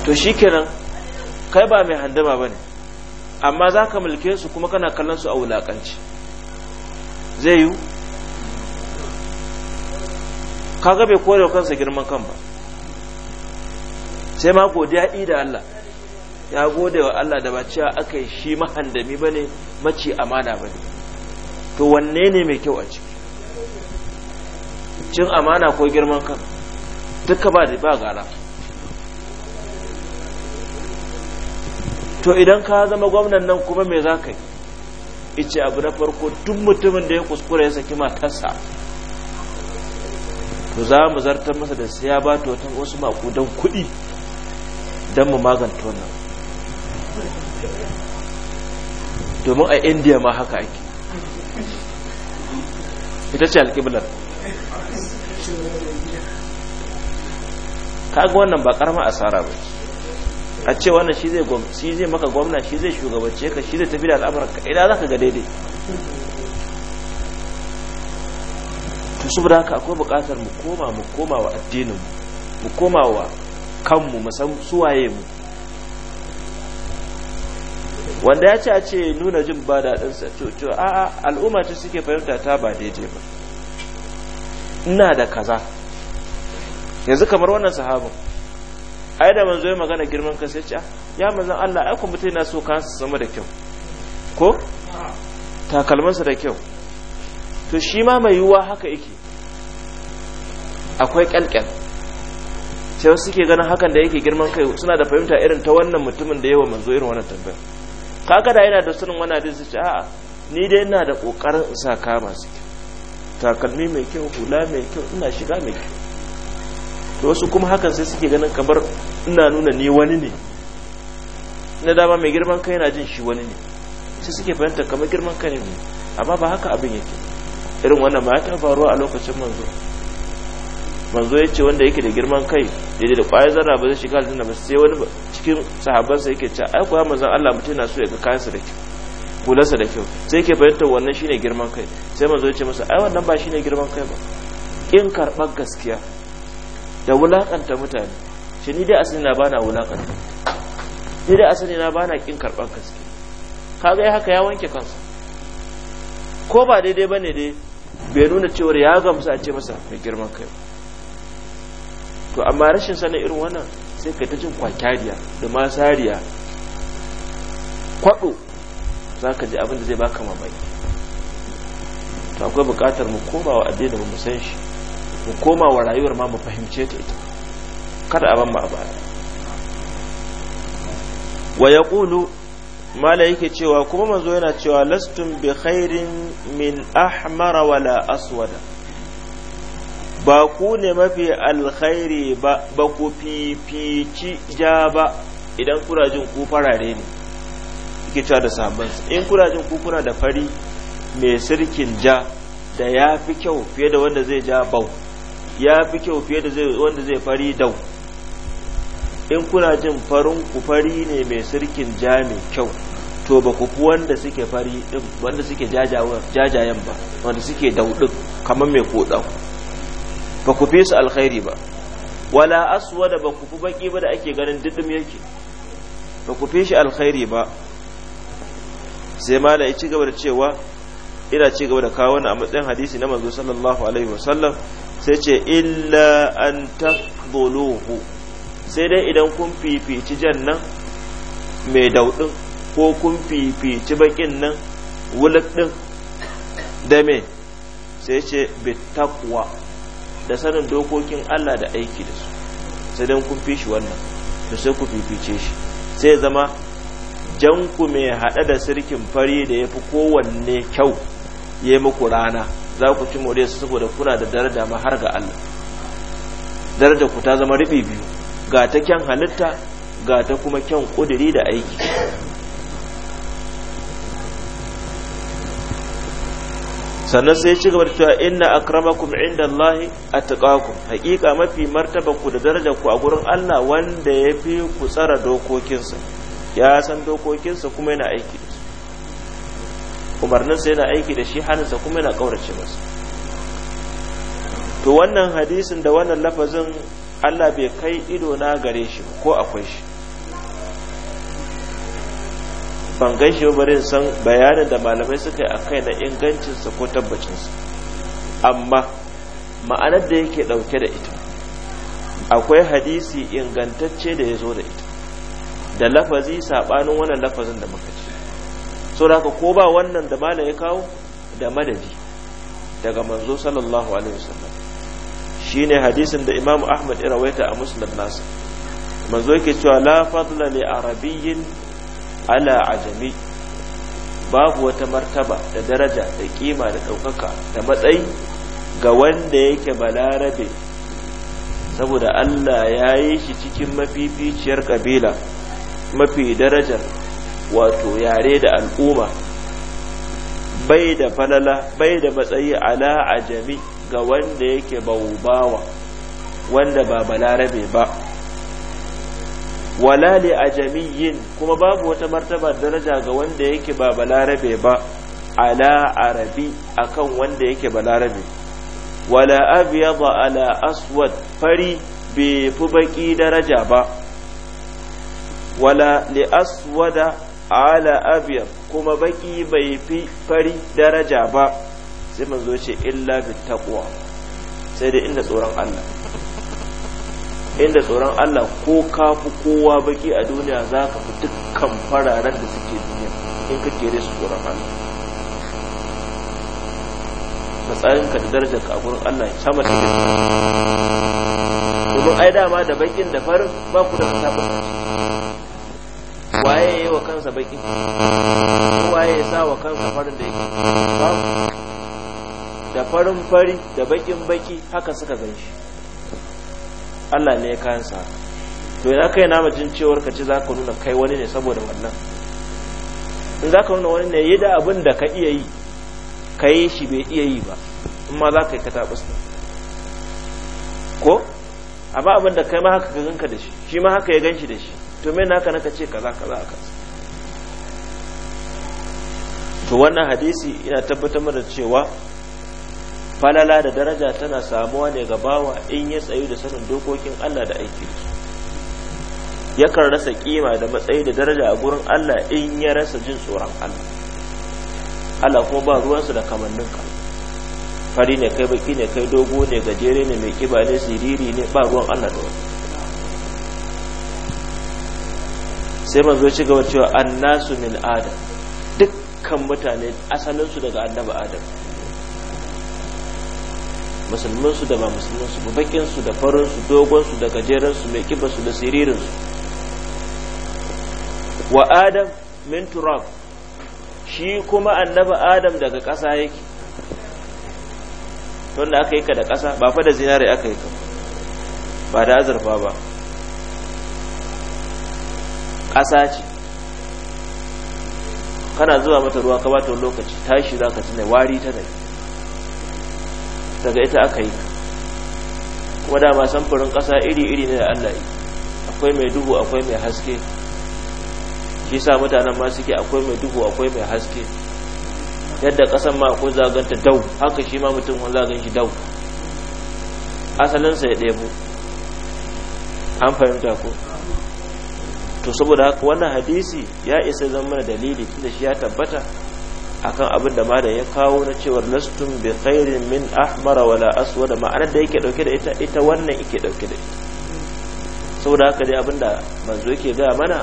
to shi kenan kai ba mai handama ba ne amma za ka mulke su kuma kana kallon su a wulakanci zai yiwu kaga bai kore wa kansa girman kan ba sai ma godiya i da Allah ya gode wa Allah da ba cewa aka yi shi mahandami ba ne mace amana ba ne to wanne ne mai kyau a ciki cin amana ko girman kan duka ba da ba gara to idan ka zama gwamnan nan kuma me za ka yi ice abu na farko duk mutumin da ya kuskura ya saki matarsa to za mu zartar masa da sai ya ba ta wata wasu makudan kudi don mu maganta wannan domin a indiya ma haka ake ita ce alƙiblar kaga wannan ba a asara ba a ce wannan shi zai maka gwamna shi zai shugabance ka shi zai tafi da al'amuranka idan za ka ga daidai to saboda haka akwai buƙatar mu koma mu koma wa addinin mu koma wa kanmu mu suwaye mu wanda ya ce a ce nuna jin ba daɗinsa to a al'umma ce suke fahimta ta ba daidai ba ina da kaza yanzu kamar wannan sahabin ai da manzo ya magana girman kansa ya ah, ya manzo Allah ai kuma mutai na so kansa sama da kyau ko takalmansa da kyau to shi ma mai yiwuwa haka yake akwai kyalkyal sai wasu suke ganin hakan da yake girman kai suna da fahimta irin ta wannan mutumin da yawa manzo irin wannan tambayar kaga da yana da sanin wani hadisi ce a'a ni dai ina da kokarin in sa kaya masu kyau takalmi mai kyau hula mai kyau ina shiga mai kyau to wasu kuma hakan sai suke ganin kamar ina nuna ni wani ne na dama mai girman kai yana jin shi wani ne sai suke fahimta kamar girman kai ne amma ba haka abin yake irin wannan ma ya ta faruwa a lokacin manzo manzo ya ce wanda yake da girman kai daidai da ƙwayar zarra ba zai shiga aljanna ba sai wani cikin sahabbansa yake ce ai kuwa manzon Allah mutum yana so ya ga kayansa da kyau hularsa da kyau sai ke fahimtar wannan shine girman kai sai manzo ya ce masa ai wannan ba shine girman kai ba kin karɓar gaskiya da wulakanta mutane shi ni dai asali na bana wulakanta ni dai asali na bana kin karɓar gaskiya kaga ya haka ya wanke kansa ko ba daidai bane dai bai nuna cewar ya gamsu a ce masa mai girman kai ba to amma rashin sanin irin wannan sai kai ta jin kwakyariya da masariya kwaɗo za ka ji abin zai baka mamaki to akwai bukatar mu koma wa addini mu san shi mu koma wa rayuwar ma mu fahimce ta ita kada a ma mu a baya wa mala yake cewa kuma manzo yana cewa lastun bi khairin min ahmara wala aswada ba ku ne mafi alkhairi ba ba ku fifici ja ba idan kurajin ku farare ne kike cewa da sabon in kurajin ku kuna da fari mai sirkin ja da ya fi kyau fiye da wanda zai ja bau ya fi kyau fiye da wanda zai fari dau in kuna jin farin ku fari ne mai sirkin ja mai kyau to ba ku fi wanda suke fari wanda suke jajayen ba wanda suke daudin kamar mai koɗa ba ku fi su alkhairi ba wala aswada ba ku fi baki ba da ake ganin didim yake ba ku fi shi alkhairi ba sai mala ya ci gaba da cewa ina ci gaba da kawo a matsayin hadisi na manzo sallallahu alaihi wasallam sai ce illa an tafduluhu sai dai idan kun fifici jannan mai daudin ko kun fifici bakin nan wulak din da me sai ce bitakwa da sanin dokokin Allah da aiki da su sai dan kun fi shi wannan to sai ku fifice shi sai zama jan ku mai haɗe da sirkin fari da ya fi kowanne kyau ya yi muku rana za ku ci more su saboda kuna da daraja ma har ga Allah daraja ku ta zama riɓi biyu ga ta kyan halitta ga ta kuma kyan ƙudiri da aiki sannan sai ci gaba da cewa inna akramakum inda Allahi atqakum haƙiƙa mafi martaba ku da daraja ku a gurin Allah wanda ya fi ku tsara dokokinsa ya san dokokinsa kuma yana aiki da su umarninsa yana aiki da shi hannunsa kuma yana kaurace masa to wannan hadisin da wannan lafazin Allah bai kai ido na gare shi ko akwai shi ban gaishe bari san bayanin da malamai suka yi a kai na ingancinsa ko tabbacinsa amma ma'anar da yake ɗauke da ita akwai hadisi ingantacce da ya zo da ita da lafazi saɓanin wannan lafazin da muka ce so da ko ba wannan da malam ya kawo da madadi daga manzo sallallahu alaihi wasallam shine hadisin da imamu ahmad ya a muslim nasa manzo yake cewa la fadla li arabiyyin ala ajami babu wata martaba da daraja da kima da ɗaukaka da matsayi ga wanda yake balarabe saboda Allah ya yi shi cikin mafificiyar kabila mafi darajar wato yare da al'umma bai da falala bai da matsayi ala ajami ga wanda yake bawubawa wanda ba balarabe ba wala li ajamiyin kuma babu wata martaba daraja ga wanda yake ba balarabe ba ala arabi akan wanda yake balarabe wala abyada ala aswad fari bai fi baki daraja ba wala li aswada ala abyad kuma baki bai fi fari daraja ba sai manzo ce illa bi taqwa sai da inda tsoron Allah inda tsoron Allah ko ka fi kowa baki a duniya za ka fi dukkan fararen da suke duniya in ka kere su tsoron Allah ka da darajar ka a gurin Allah sama da yake domin ai dama da bakin da farin ba ku da kasaba waye yi wa kansa bakin waye ya sa wa kansa farin da yake da farin fari da bakin baki haka suka shi Allah ne ya kayan sa to ina kai na majin cewar ka ce za ka nuna kai wani ne saboda wannan in za ka nuna wani ne yi da abin da ka iya yi ka yi shi bai iya yi ba in ma za ka yi ka taɓa ko amma abin da kai ma haka ka ganka da shi shi ma haka ya gan shi da shi to mai naka naka ce kaza kaza a kansa to wannan hadisi ina tabbatar da cewa falala da daraja tana samuwa ne ga bawa in ya tsayu da sanin dokokin Allah da aiki yakan rasa kima da matsayi da daraja a gurin Allah in ya rasa jin tsoron Allah Allah kuma ba ruwansu da kamannin ka fari ne kai baki ne kai dogo ne gajere ne mai kiba ne siriri ne ba ruwan Allah da wani sai manzo ci gaba cewa annasu min adam dukkan mutane asalinsu daga annabi adam musulminsu da ba musulminsu su da farinsu dogonsu da gajeransu mai su da siririnsu wa adam min turab shi kuma annabi adam daga ƙasa yake da aka yi ka da ƙasa ba fa da zinare aka yi ka ba da azurfa ba Kasa ce kana zuwa mata ruwa ka bata lokaci tashi za ka wari ta dai daga ita aka yi kuma dama samfurin ƙasa iri-iri ne da Allah yi akwai mai duhu akwai mai haske shi sa mutanen ma suke akwai mai duhu akwai mai haske yadda ƙasan ma akwai zaganta dau haka shi ma mutum wani zagan shi dau asalinsa ya ɗebo an fahimta ko to saboda haka wannan hadisi ya isa zama mana dalili tunda shi ya tabbata akan abin da malam ya kawo na cewar lastum bi khairin min ahmara wala aswada ma'anar da yake dauke da ita ita wannan yake dauke da ita saboda haka dai abin da manzo yake ga mana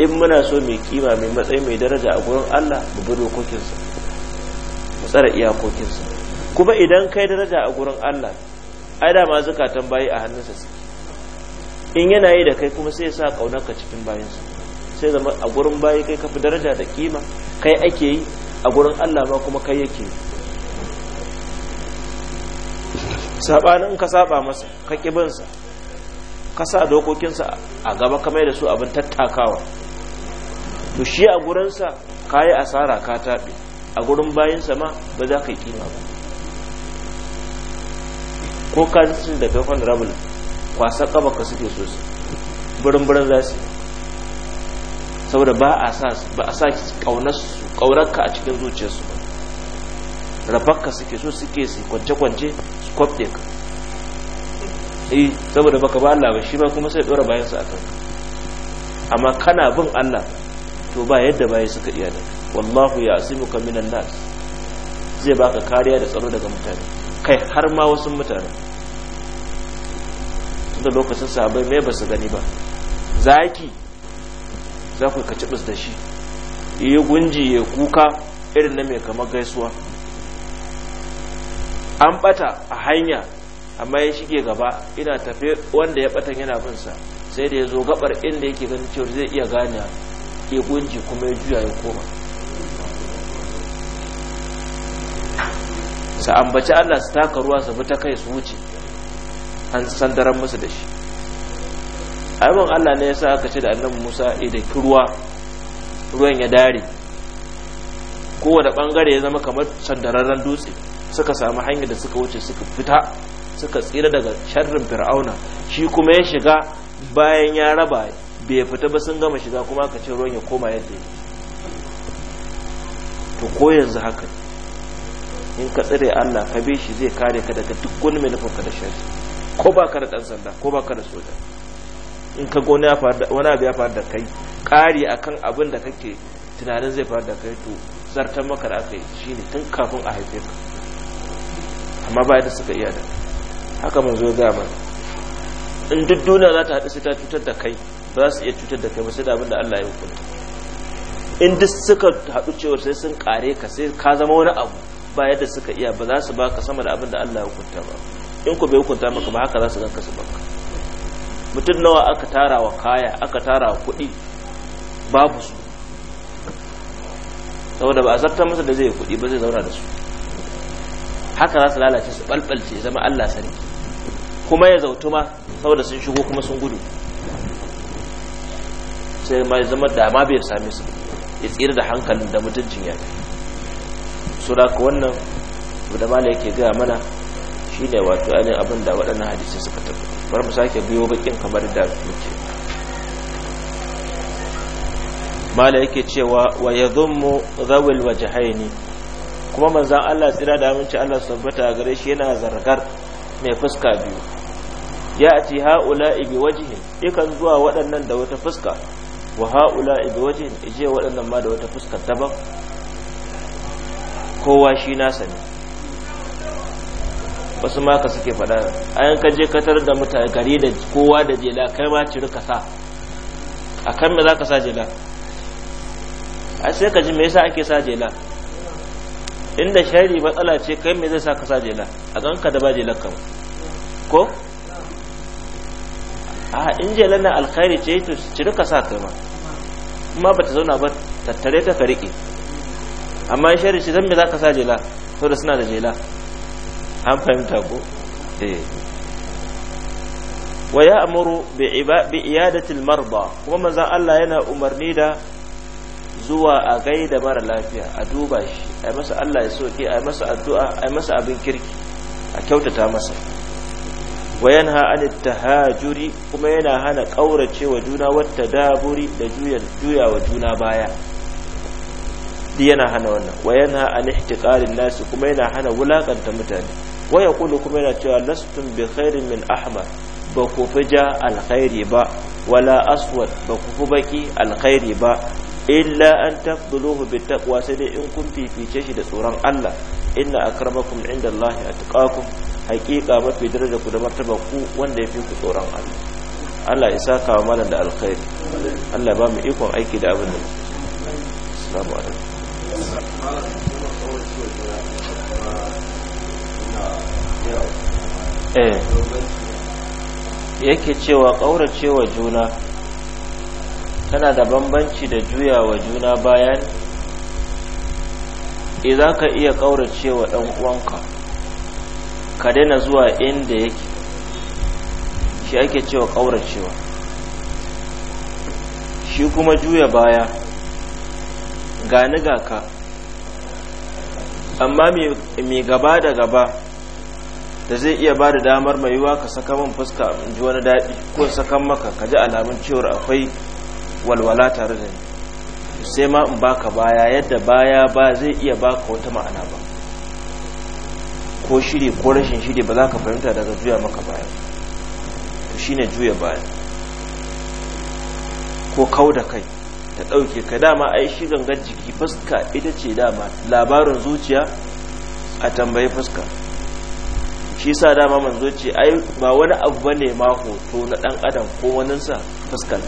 in muna so mai kima mai matsayi mai daraja a gurin Allah mu bi dokokinsa mu tsara iyakokinsa kuma idan kai daraja a gurin Allah ai da ma zakatan bayi a hannunsa suke in yana yi da kai kuma sai ya sa kaunarka cikin bayansa sai zama a gurin bayi kai ka fi daraja da kima kai ake yi a gurin Allah ma kuma kai yake sabanin ka saba masa ka kibinsa ka sa dokokinsa a gaba ka mai da su abin tattakawa to shi a gurinsa ka yi asara ka taɓe a gurin bayansa ma ba za ka yi kima ba ko ka da kai rabin kwasa kaba ka suke so su burin za su yi saboda ba a sa ba a sa kaunarka a cikin zuciyarsu ba rabarka suke so suke su kwance-kwance su kwafte ka eh saboda baka ba Allah ba shi ba kuma sai dora bayansa a kanka amma kana bin Allah to ba yadda baya suka iya da wallahu ya asimuka minan nas zai baka kariya da tsaro daga mutane kai har ma wasu mutane tunda lokacin sahabbai mai ba su gani ba zaki za ku kaci bus da shi yi gunji ya kuka irin na mai kamar gaisuwa an bata a hanya amma ya shige gaba ina tafe wanda ya batan yana bin sa sai da ya zo gabar inda yake ganin cewar zai iya gane ya gunji kuma ya juya ya koma sa bace Allah su taka ruwa su bi ta kai su wuce an sandaran musu da shi abin Allah ne ya sa aka ce da annabi Musa da ruwa ruwan ya dare kowane bangare ya zama kamar sandararren dutse suka samu hanyar da suka wuce suka fita suka tsira daga sharrin fir'auna shi kuma ya shiga bayan ya raba bai fita ba sun gama shiga kuma aka ce ruwan ya koma yadda yake to ko yanzu haka in ka tsire Allah ka bi shi zai kare ka daga duk wani mai nufin ka da shari ko ba ka da ɗan sanda ko ba ka da soja in ka gona wani abu ya faru da kai ƙari akan abin da kake tunanin zai faru da kai to zartan maka da aka yi shine tun kafin a haife ka amma ba da suka iya da haka manzo ga mana in duk duniya za ta haɗu sai ta cutar da kai ba za su iya cutar da kai ba sai da abin da Allah ya hukunta in duk suka haɗu cewar sai sun ƙare ka sai ka zama wani abu ba yadda suka iya ba za su baka sama da abin da Allah ya hukunta ba in ku bai hukunta maka ba haka za su ganka su baka mutum nawa aka tara wa kaya aka tara wa kuɗi babu su saboda ba a zartar masa da zai yi kuɗi ba zai zauna da su haka za su lalace su balbalce zama allah sarki kuma ya zautu ma saboda sun shigo kuma sun gudu sai ma ya zama dama bai same su ya tsira da hankalin da mutuncin ya su da wannan da mala yake gaya mana shi ne wato ainihin abin da waɗannan hadisi suka tabbata bari mu sake biyo bakin kamar da muke mala yake cewa wa yadhummu zawil wajhaini kuma manzan Allah tsira da aminci Allah sabbata gare shi yana zargar mai fuska biyu ya ati haula ibi wajihin ikan zuwa waɗannan da wata fuska wa haula ibi wajihin ije waɗannan ma da wata fuska daban kowa shi nasa ne wasu maka suke faɗa ayan ka je katar da mutane gari da kowa da jela kai ma ci rika sa a kan me za ka sa jela a sai ka ji me yasa ake sa jela inda shari matsala ce kai me zai sa ka sa jela a kan ka da ba jelar kan ko a in jelar na alkhairi ce to ci rika sa kai ma kuma ba ta zauna ba tattare ta ka riƙe amma shari ce zan me za ka sa jela saboda suna da jela an fahimta ko eh. wa ya amuru bi iyadatil marba kuma manzon Allah yana umarni da zuwa a gaida mara lafiya a duba shi a masa Allah ya soke a masa addu'a a masa abin kirki a kyautata masa wa yanha an tahajuri kuma yana hana kaurace wa juna wata daburi da juya wa juna baya di yana hana wannan wa yanha an ihtiqalin nasi kuma yana hana wulakanta mutane wa yaqulu kuma yana cewa lastum bi khairin min ahmar ba ku fi ja alkhairi ba wala aswad ba ku fi baki alkhairi ba illa an tafduluhu bi taqwa sai dai in kun fifice shi da tsoron Allah inna akramakum inda Allah atqakum haƙiƙa mafi daraja ku da martaba ku wanda ya fi ku tsoron Allah Allah ya saka wa malam da alkhairi Allah ba mu ikon aiki da abin da assalamu alaikum E yake cewa ƙauracewa juna tana da bambanci da juya wa juna bayan idan ka iya ƙauracewa ɗan uwanka ka daina zuwa inda yake shi ake cewa ƙauracewa shi kuma juya baya gani ga ka amma mai gaba da gaba da zai iya ba da damar mai yiwa ka saka man fuska in ji wani daɗi ko saka maka ka ji alamun cewar akwai walwala tare da ni sai ma in baka baya yadda baya ba zai iya baka wata ma'ana ba ko shiri ko rashin shiri ba za ka fahimta daga juya maka baya to shine juya baya ko kau da kai ta ɗauke ka dama ai shi gangar jiki fuska ita ce dama labarin zuciya a tambayi fuska shi yasa dama manzo ce ai ba wani abu bane ma hoto na dan adam ko wani sa fuskar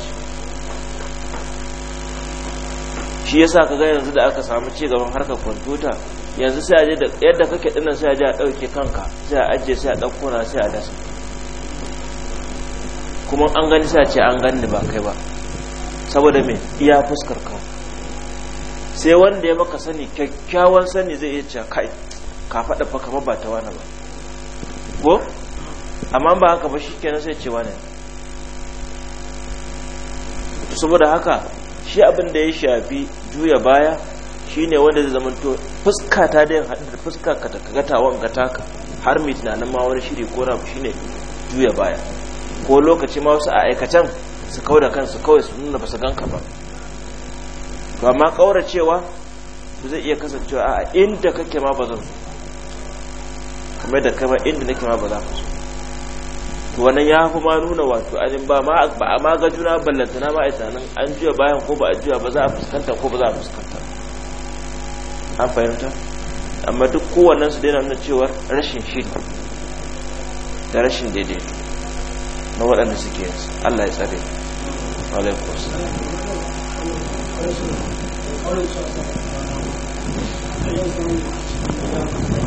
shi yasa kaga yanzu da aka samu ci gaban harkar kwamfuta yanzu sai aje da yadda kake dinnan sai aje a dauke kanka sai a aje sai a dauko na sai a dasa kuma an gani sai a ce an gani ba kai ba saboda me iya fuskar ka sai wanda ya maka sani kyakkyawan sani zai iya cewa kai ka faɗa fa kamar ba ta wani ba ko amma ba haka ba shikenan sai cewa ne saboda haka shi abin da ya shafi juya baya shine wanda zai zama to fuska ta da yin haɗin da fuska ka ta gata ga taka har mai tunanin ma wani shiri ko rabu shine juya baya ko lokaci ma wasu a aikacen su kau da kansu kawai su nuna ba su ganka ba to amma cewa zai iya kasancewa a inda kake ma ba zan so kamar da kama inda nake ma ba za ka so to wannan ya kuma ma nuna wato an ba ma ba ma ga juna ballantana ma a nan an juya bayan ko ba a juya ba za a fuskanta ko ba za a fuskanta an fahimta amma duk kowannen su daina nuna cewar rashin shiri da rashin daidai na waɗanda suke yanzu Allah ya tsare alaikum assalam Thank you.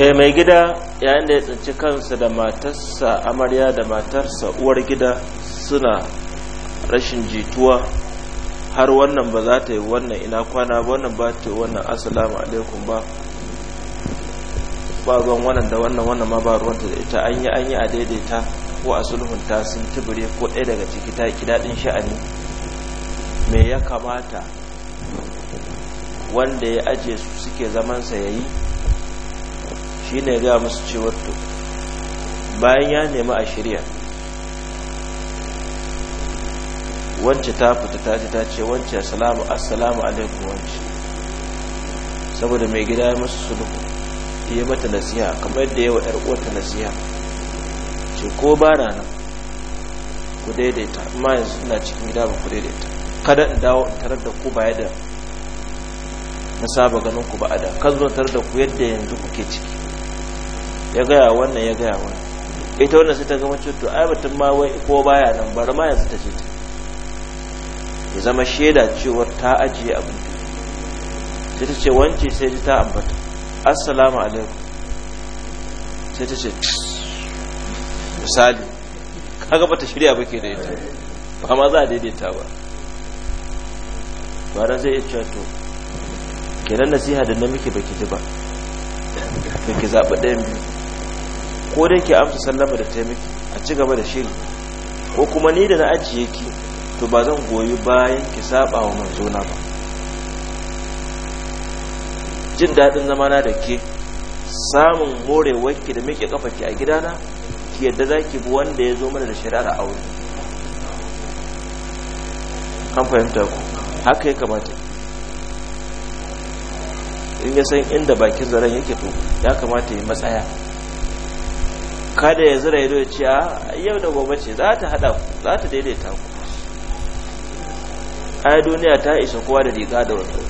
yaya eh, mai gida yayin da ya tsinci kansa da matarsa amarya da matarsa uwar gida suna rashin jituwa har wannan ba za ta yi wannan ina kwana ba wannan ba ta yi wannan asalamu alaikum ba ba ruwan wannan da wannan wannan ma ba ruwanta da ita an yi an yi a daidaita ko a sulhunta sun tubure ko ɗaya daga ciki ta ki daɗin sha'ani me ya kamata wanda ya aje su suke zamansa ya yi shi ne ga musu cewar to bayan ya nemi a shirya wance ta fita ta ce ta ce wance assalamu assalamu alaikum wance saboda mai gida ya masu sulhu ya mata nasiha kamar yadda yawa yar uwarta nasiha ce ko ba na nan ku daidaita amma yanzu ina cikin gida ba ku daidaita kada in dawo in tarar da ku ba yadda na saba ganin ku ba a da kan zo tarar da ku yadda yanzu kuke ciki ya gaya wannan ya gaya wannan ita wannan sai ta gama to ai batun ma wai ko baya nan bar ma yanzu ta ce ta ya zama shaida cewa ta ajiye abin sai ta ce wance sai ji ta ambata assalamu alaikum sai ta ce misali kaga bata shirya ba ke da ita ba ma za a daidaita ba bara zai iya cewa to kenan nasiha da na muke baki ji ba kake zaɓi ɗayan biyu ko dai ke amsa sallama da taimaki a ci gaba da shiri ko kuma ni da na ajiye ki to ba zan goyi bayan ki saba wa manzona ba jin daɗin zama na da ke samun morewar ki da muke kafa ki a gidana ki yadda za ki bi wanda ya zo mana da shari'ar aure an fahimta ku haka ya kamata in ya san inda bakin zaren yake to ya kamata ya matsaya kada ya zira ido ya ce a ah, yau da gobe ce za ta hada ku za ta daidaita ku a duniya ta isa kowa da riga da wato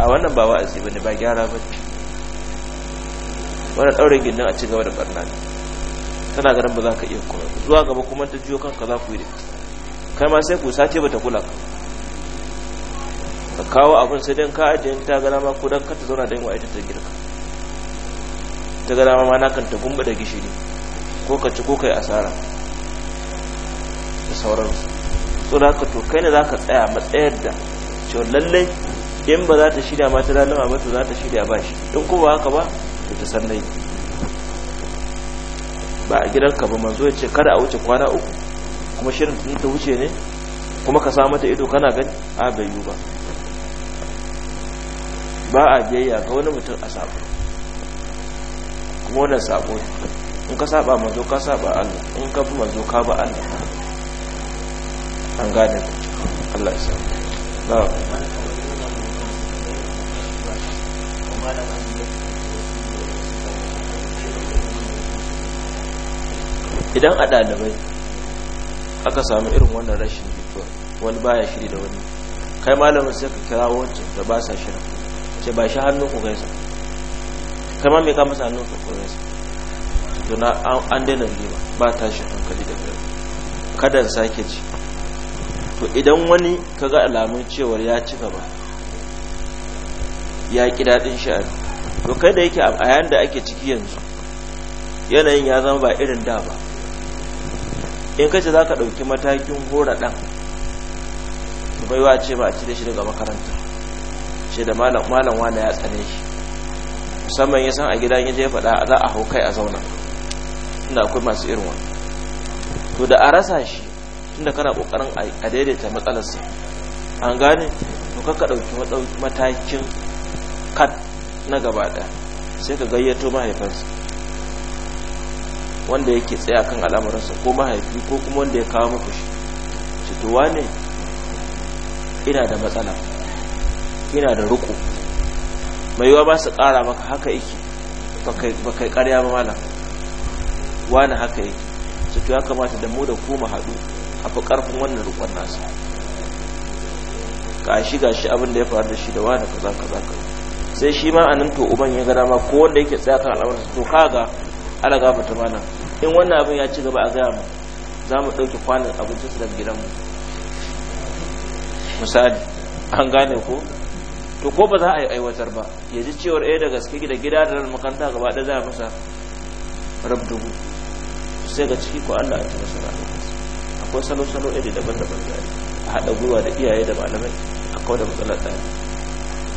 a wannan ba wa'azi bane ba gyara ba wannan daurin gindin a ci gaba da barna tana ganin ba za ka iya kuma zuwa gaba kuma ta jiyo kanka za ku yi da kai ma sai ku sace ba ta kula ka ka kawo abin sai dan ka ajiye ta gana ma ko dan ka ta zauna da yin wa'ita ta girka ta gana ma na kan ta gumba da gishiri ko ka ci ko kai asara da sauransu so da to kai ne za ka tsaya matsayar da cewa lallai in ba za ta shirya ma ta lalama ba to za ta shirya ba shi in ko ba haka ba to ta sannai ba a gidan ka ba manzo ya ce kada a wuce kwana uku kuma shirin tun ta wuce ne kuma ka samu mata ido kana gani a bai yi ba ba a biyayya ga wani mutum a sabo kuma wannan sabo ne in ka saba manzo ka saba Allah in ka bi manzo ka ba Allah an gane Allah ya san ba idan a ɗalibai aka samu irin wannan rashin jituwa wani baya shiri da wani kai malamin sai ka kira wancan da ba sa shirin ce ba shi hannu ku gaisa kai ma mai ka masa hannu ku gaisa to an daina riba ba tashi hankali da gari kadan sake ci to idan wani ka ga alamun cewar ya ci gaba ya ki daɗin sha'ani to kai da yake a yayin da ake ciki yanzu yanayin ya zama ba irin da ba in kace za ka ɗauki matakin hora ɗan wa ce ba a cire shi daga makaranta ce da malam wani ya tsane shi musamman ya san a gidan ya je faɗa za a hau kai a zauna tunda akwai masu irin wani to da a rasa shi tunda kana kokarin a daidaita matsalarsa an gane to kakka ɗauki matakin kat na gaba ɗaya sai ka gayyato mahaifinsa, wanda yake tsaye kan al'amuransa ko mahaifi ko kuma wanda ya kawo maka shi citowa ne ina da matsala ina da ruku mai yiwa ba su ƙara maka haka iki ba kai ƙarya ba malam wani haka yake su ya kamata da mu da kuma haɗu a fi ƙarfin wannan rukun nasa ka shi ga shi abin da ya faru da shi da wani kaza kaza kaza sai shi ma nan to uban ya gada ma ko wanda yake tsaya kan al'amarsa to kaga ala ta mana in wannan abin ya ci gaba a gaya mu za mu ɗauki kwanan abincin su gidan gidanmu misali an gane ko to ko ba za a yi aiwatar ba ya ji cewar ɗaya eh da gaske da gida da makaranta gaba ɗaya za a masa rab dubu sai ga ciki ko Allah ya tsara sana'a akwai salo-salo iri daban-daban da a haɗa gwiwa da iyaye da malamai a kawai da matsalar ɗaya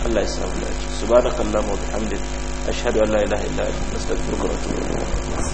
Allah ya samu lafiya subhanakallahumma wa bihamdika ashhadu an la ilaha illa anta astaghfiruka wa atubu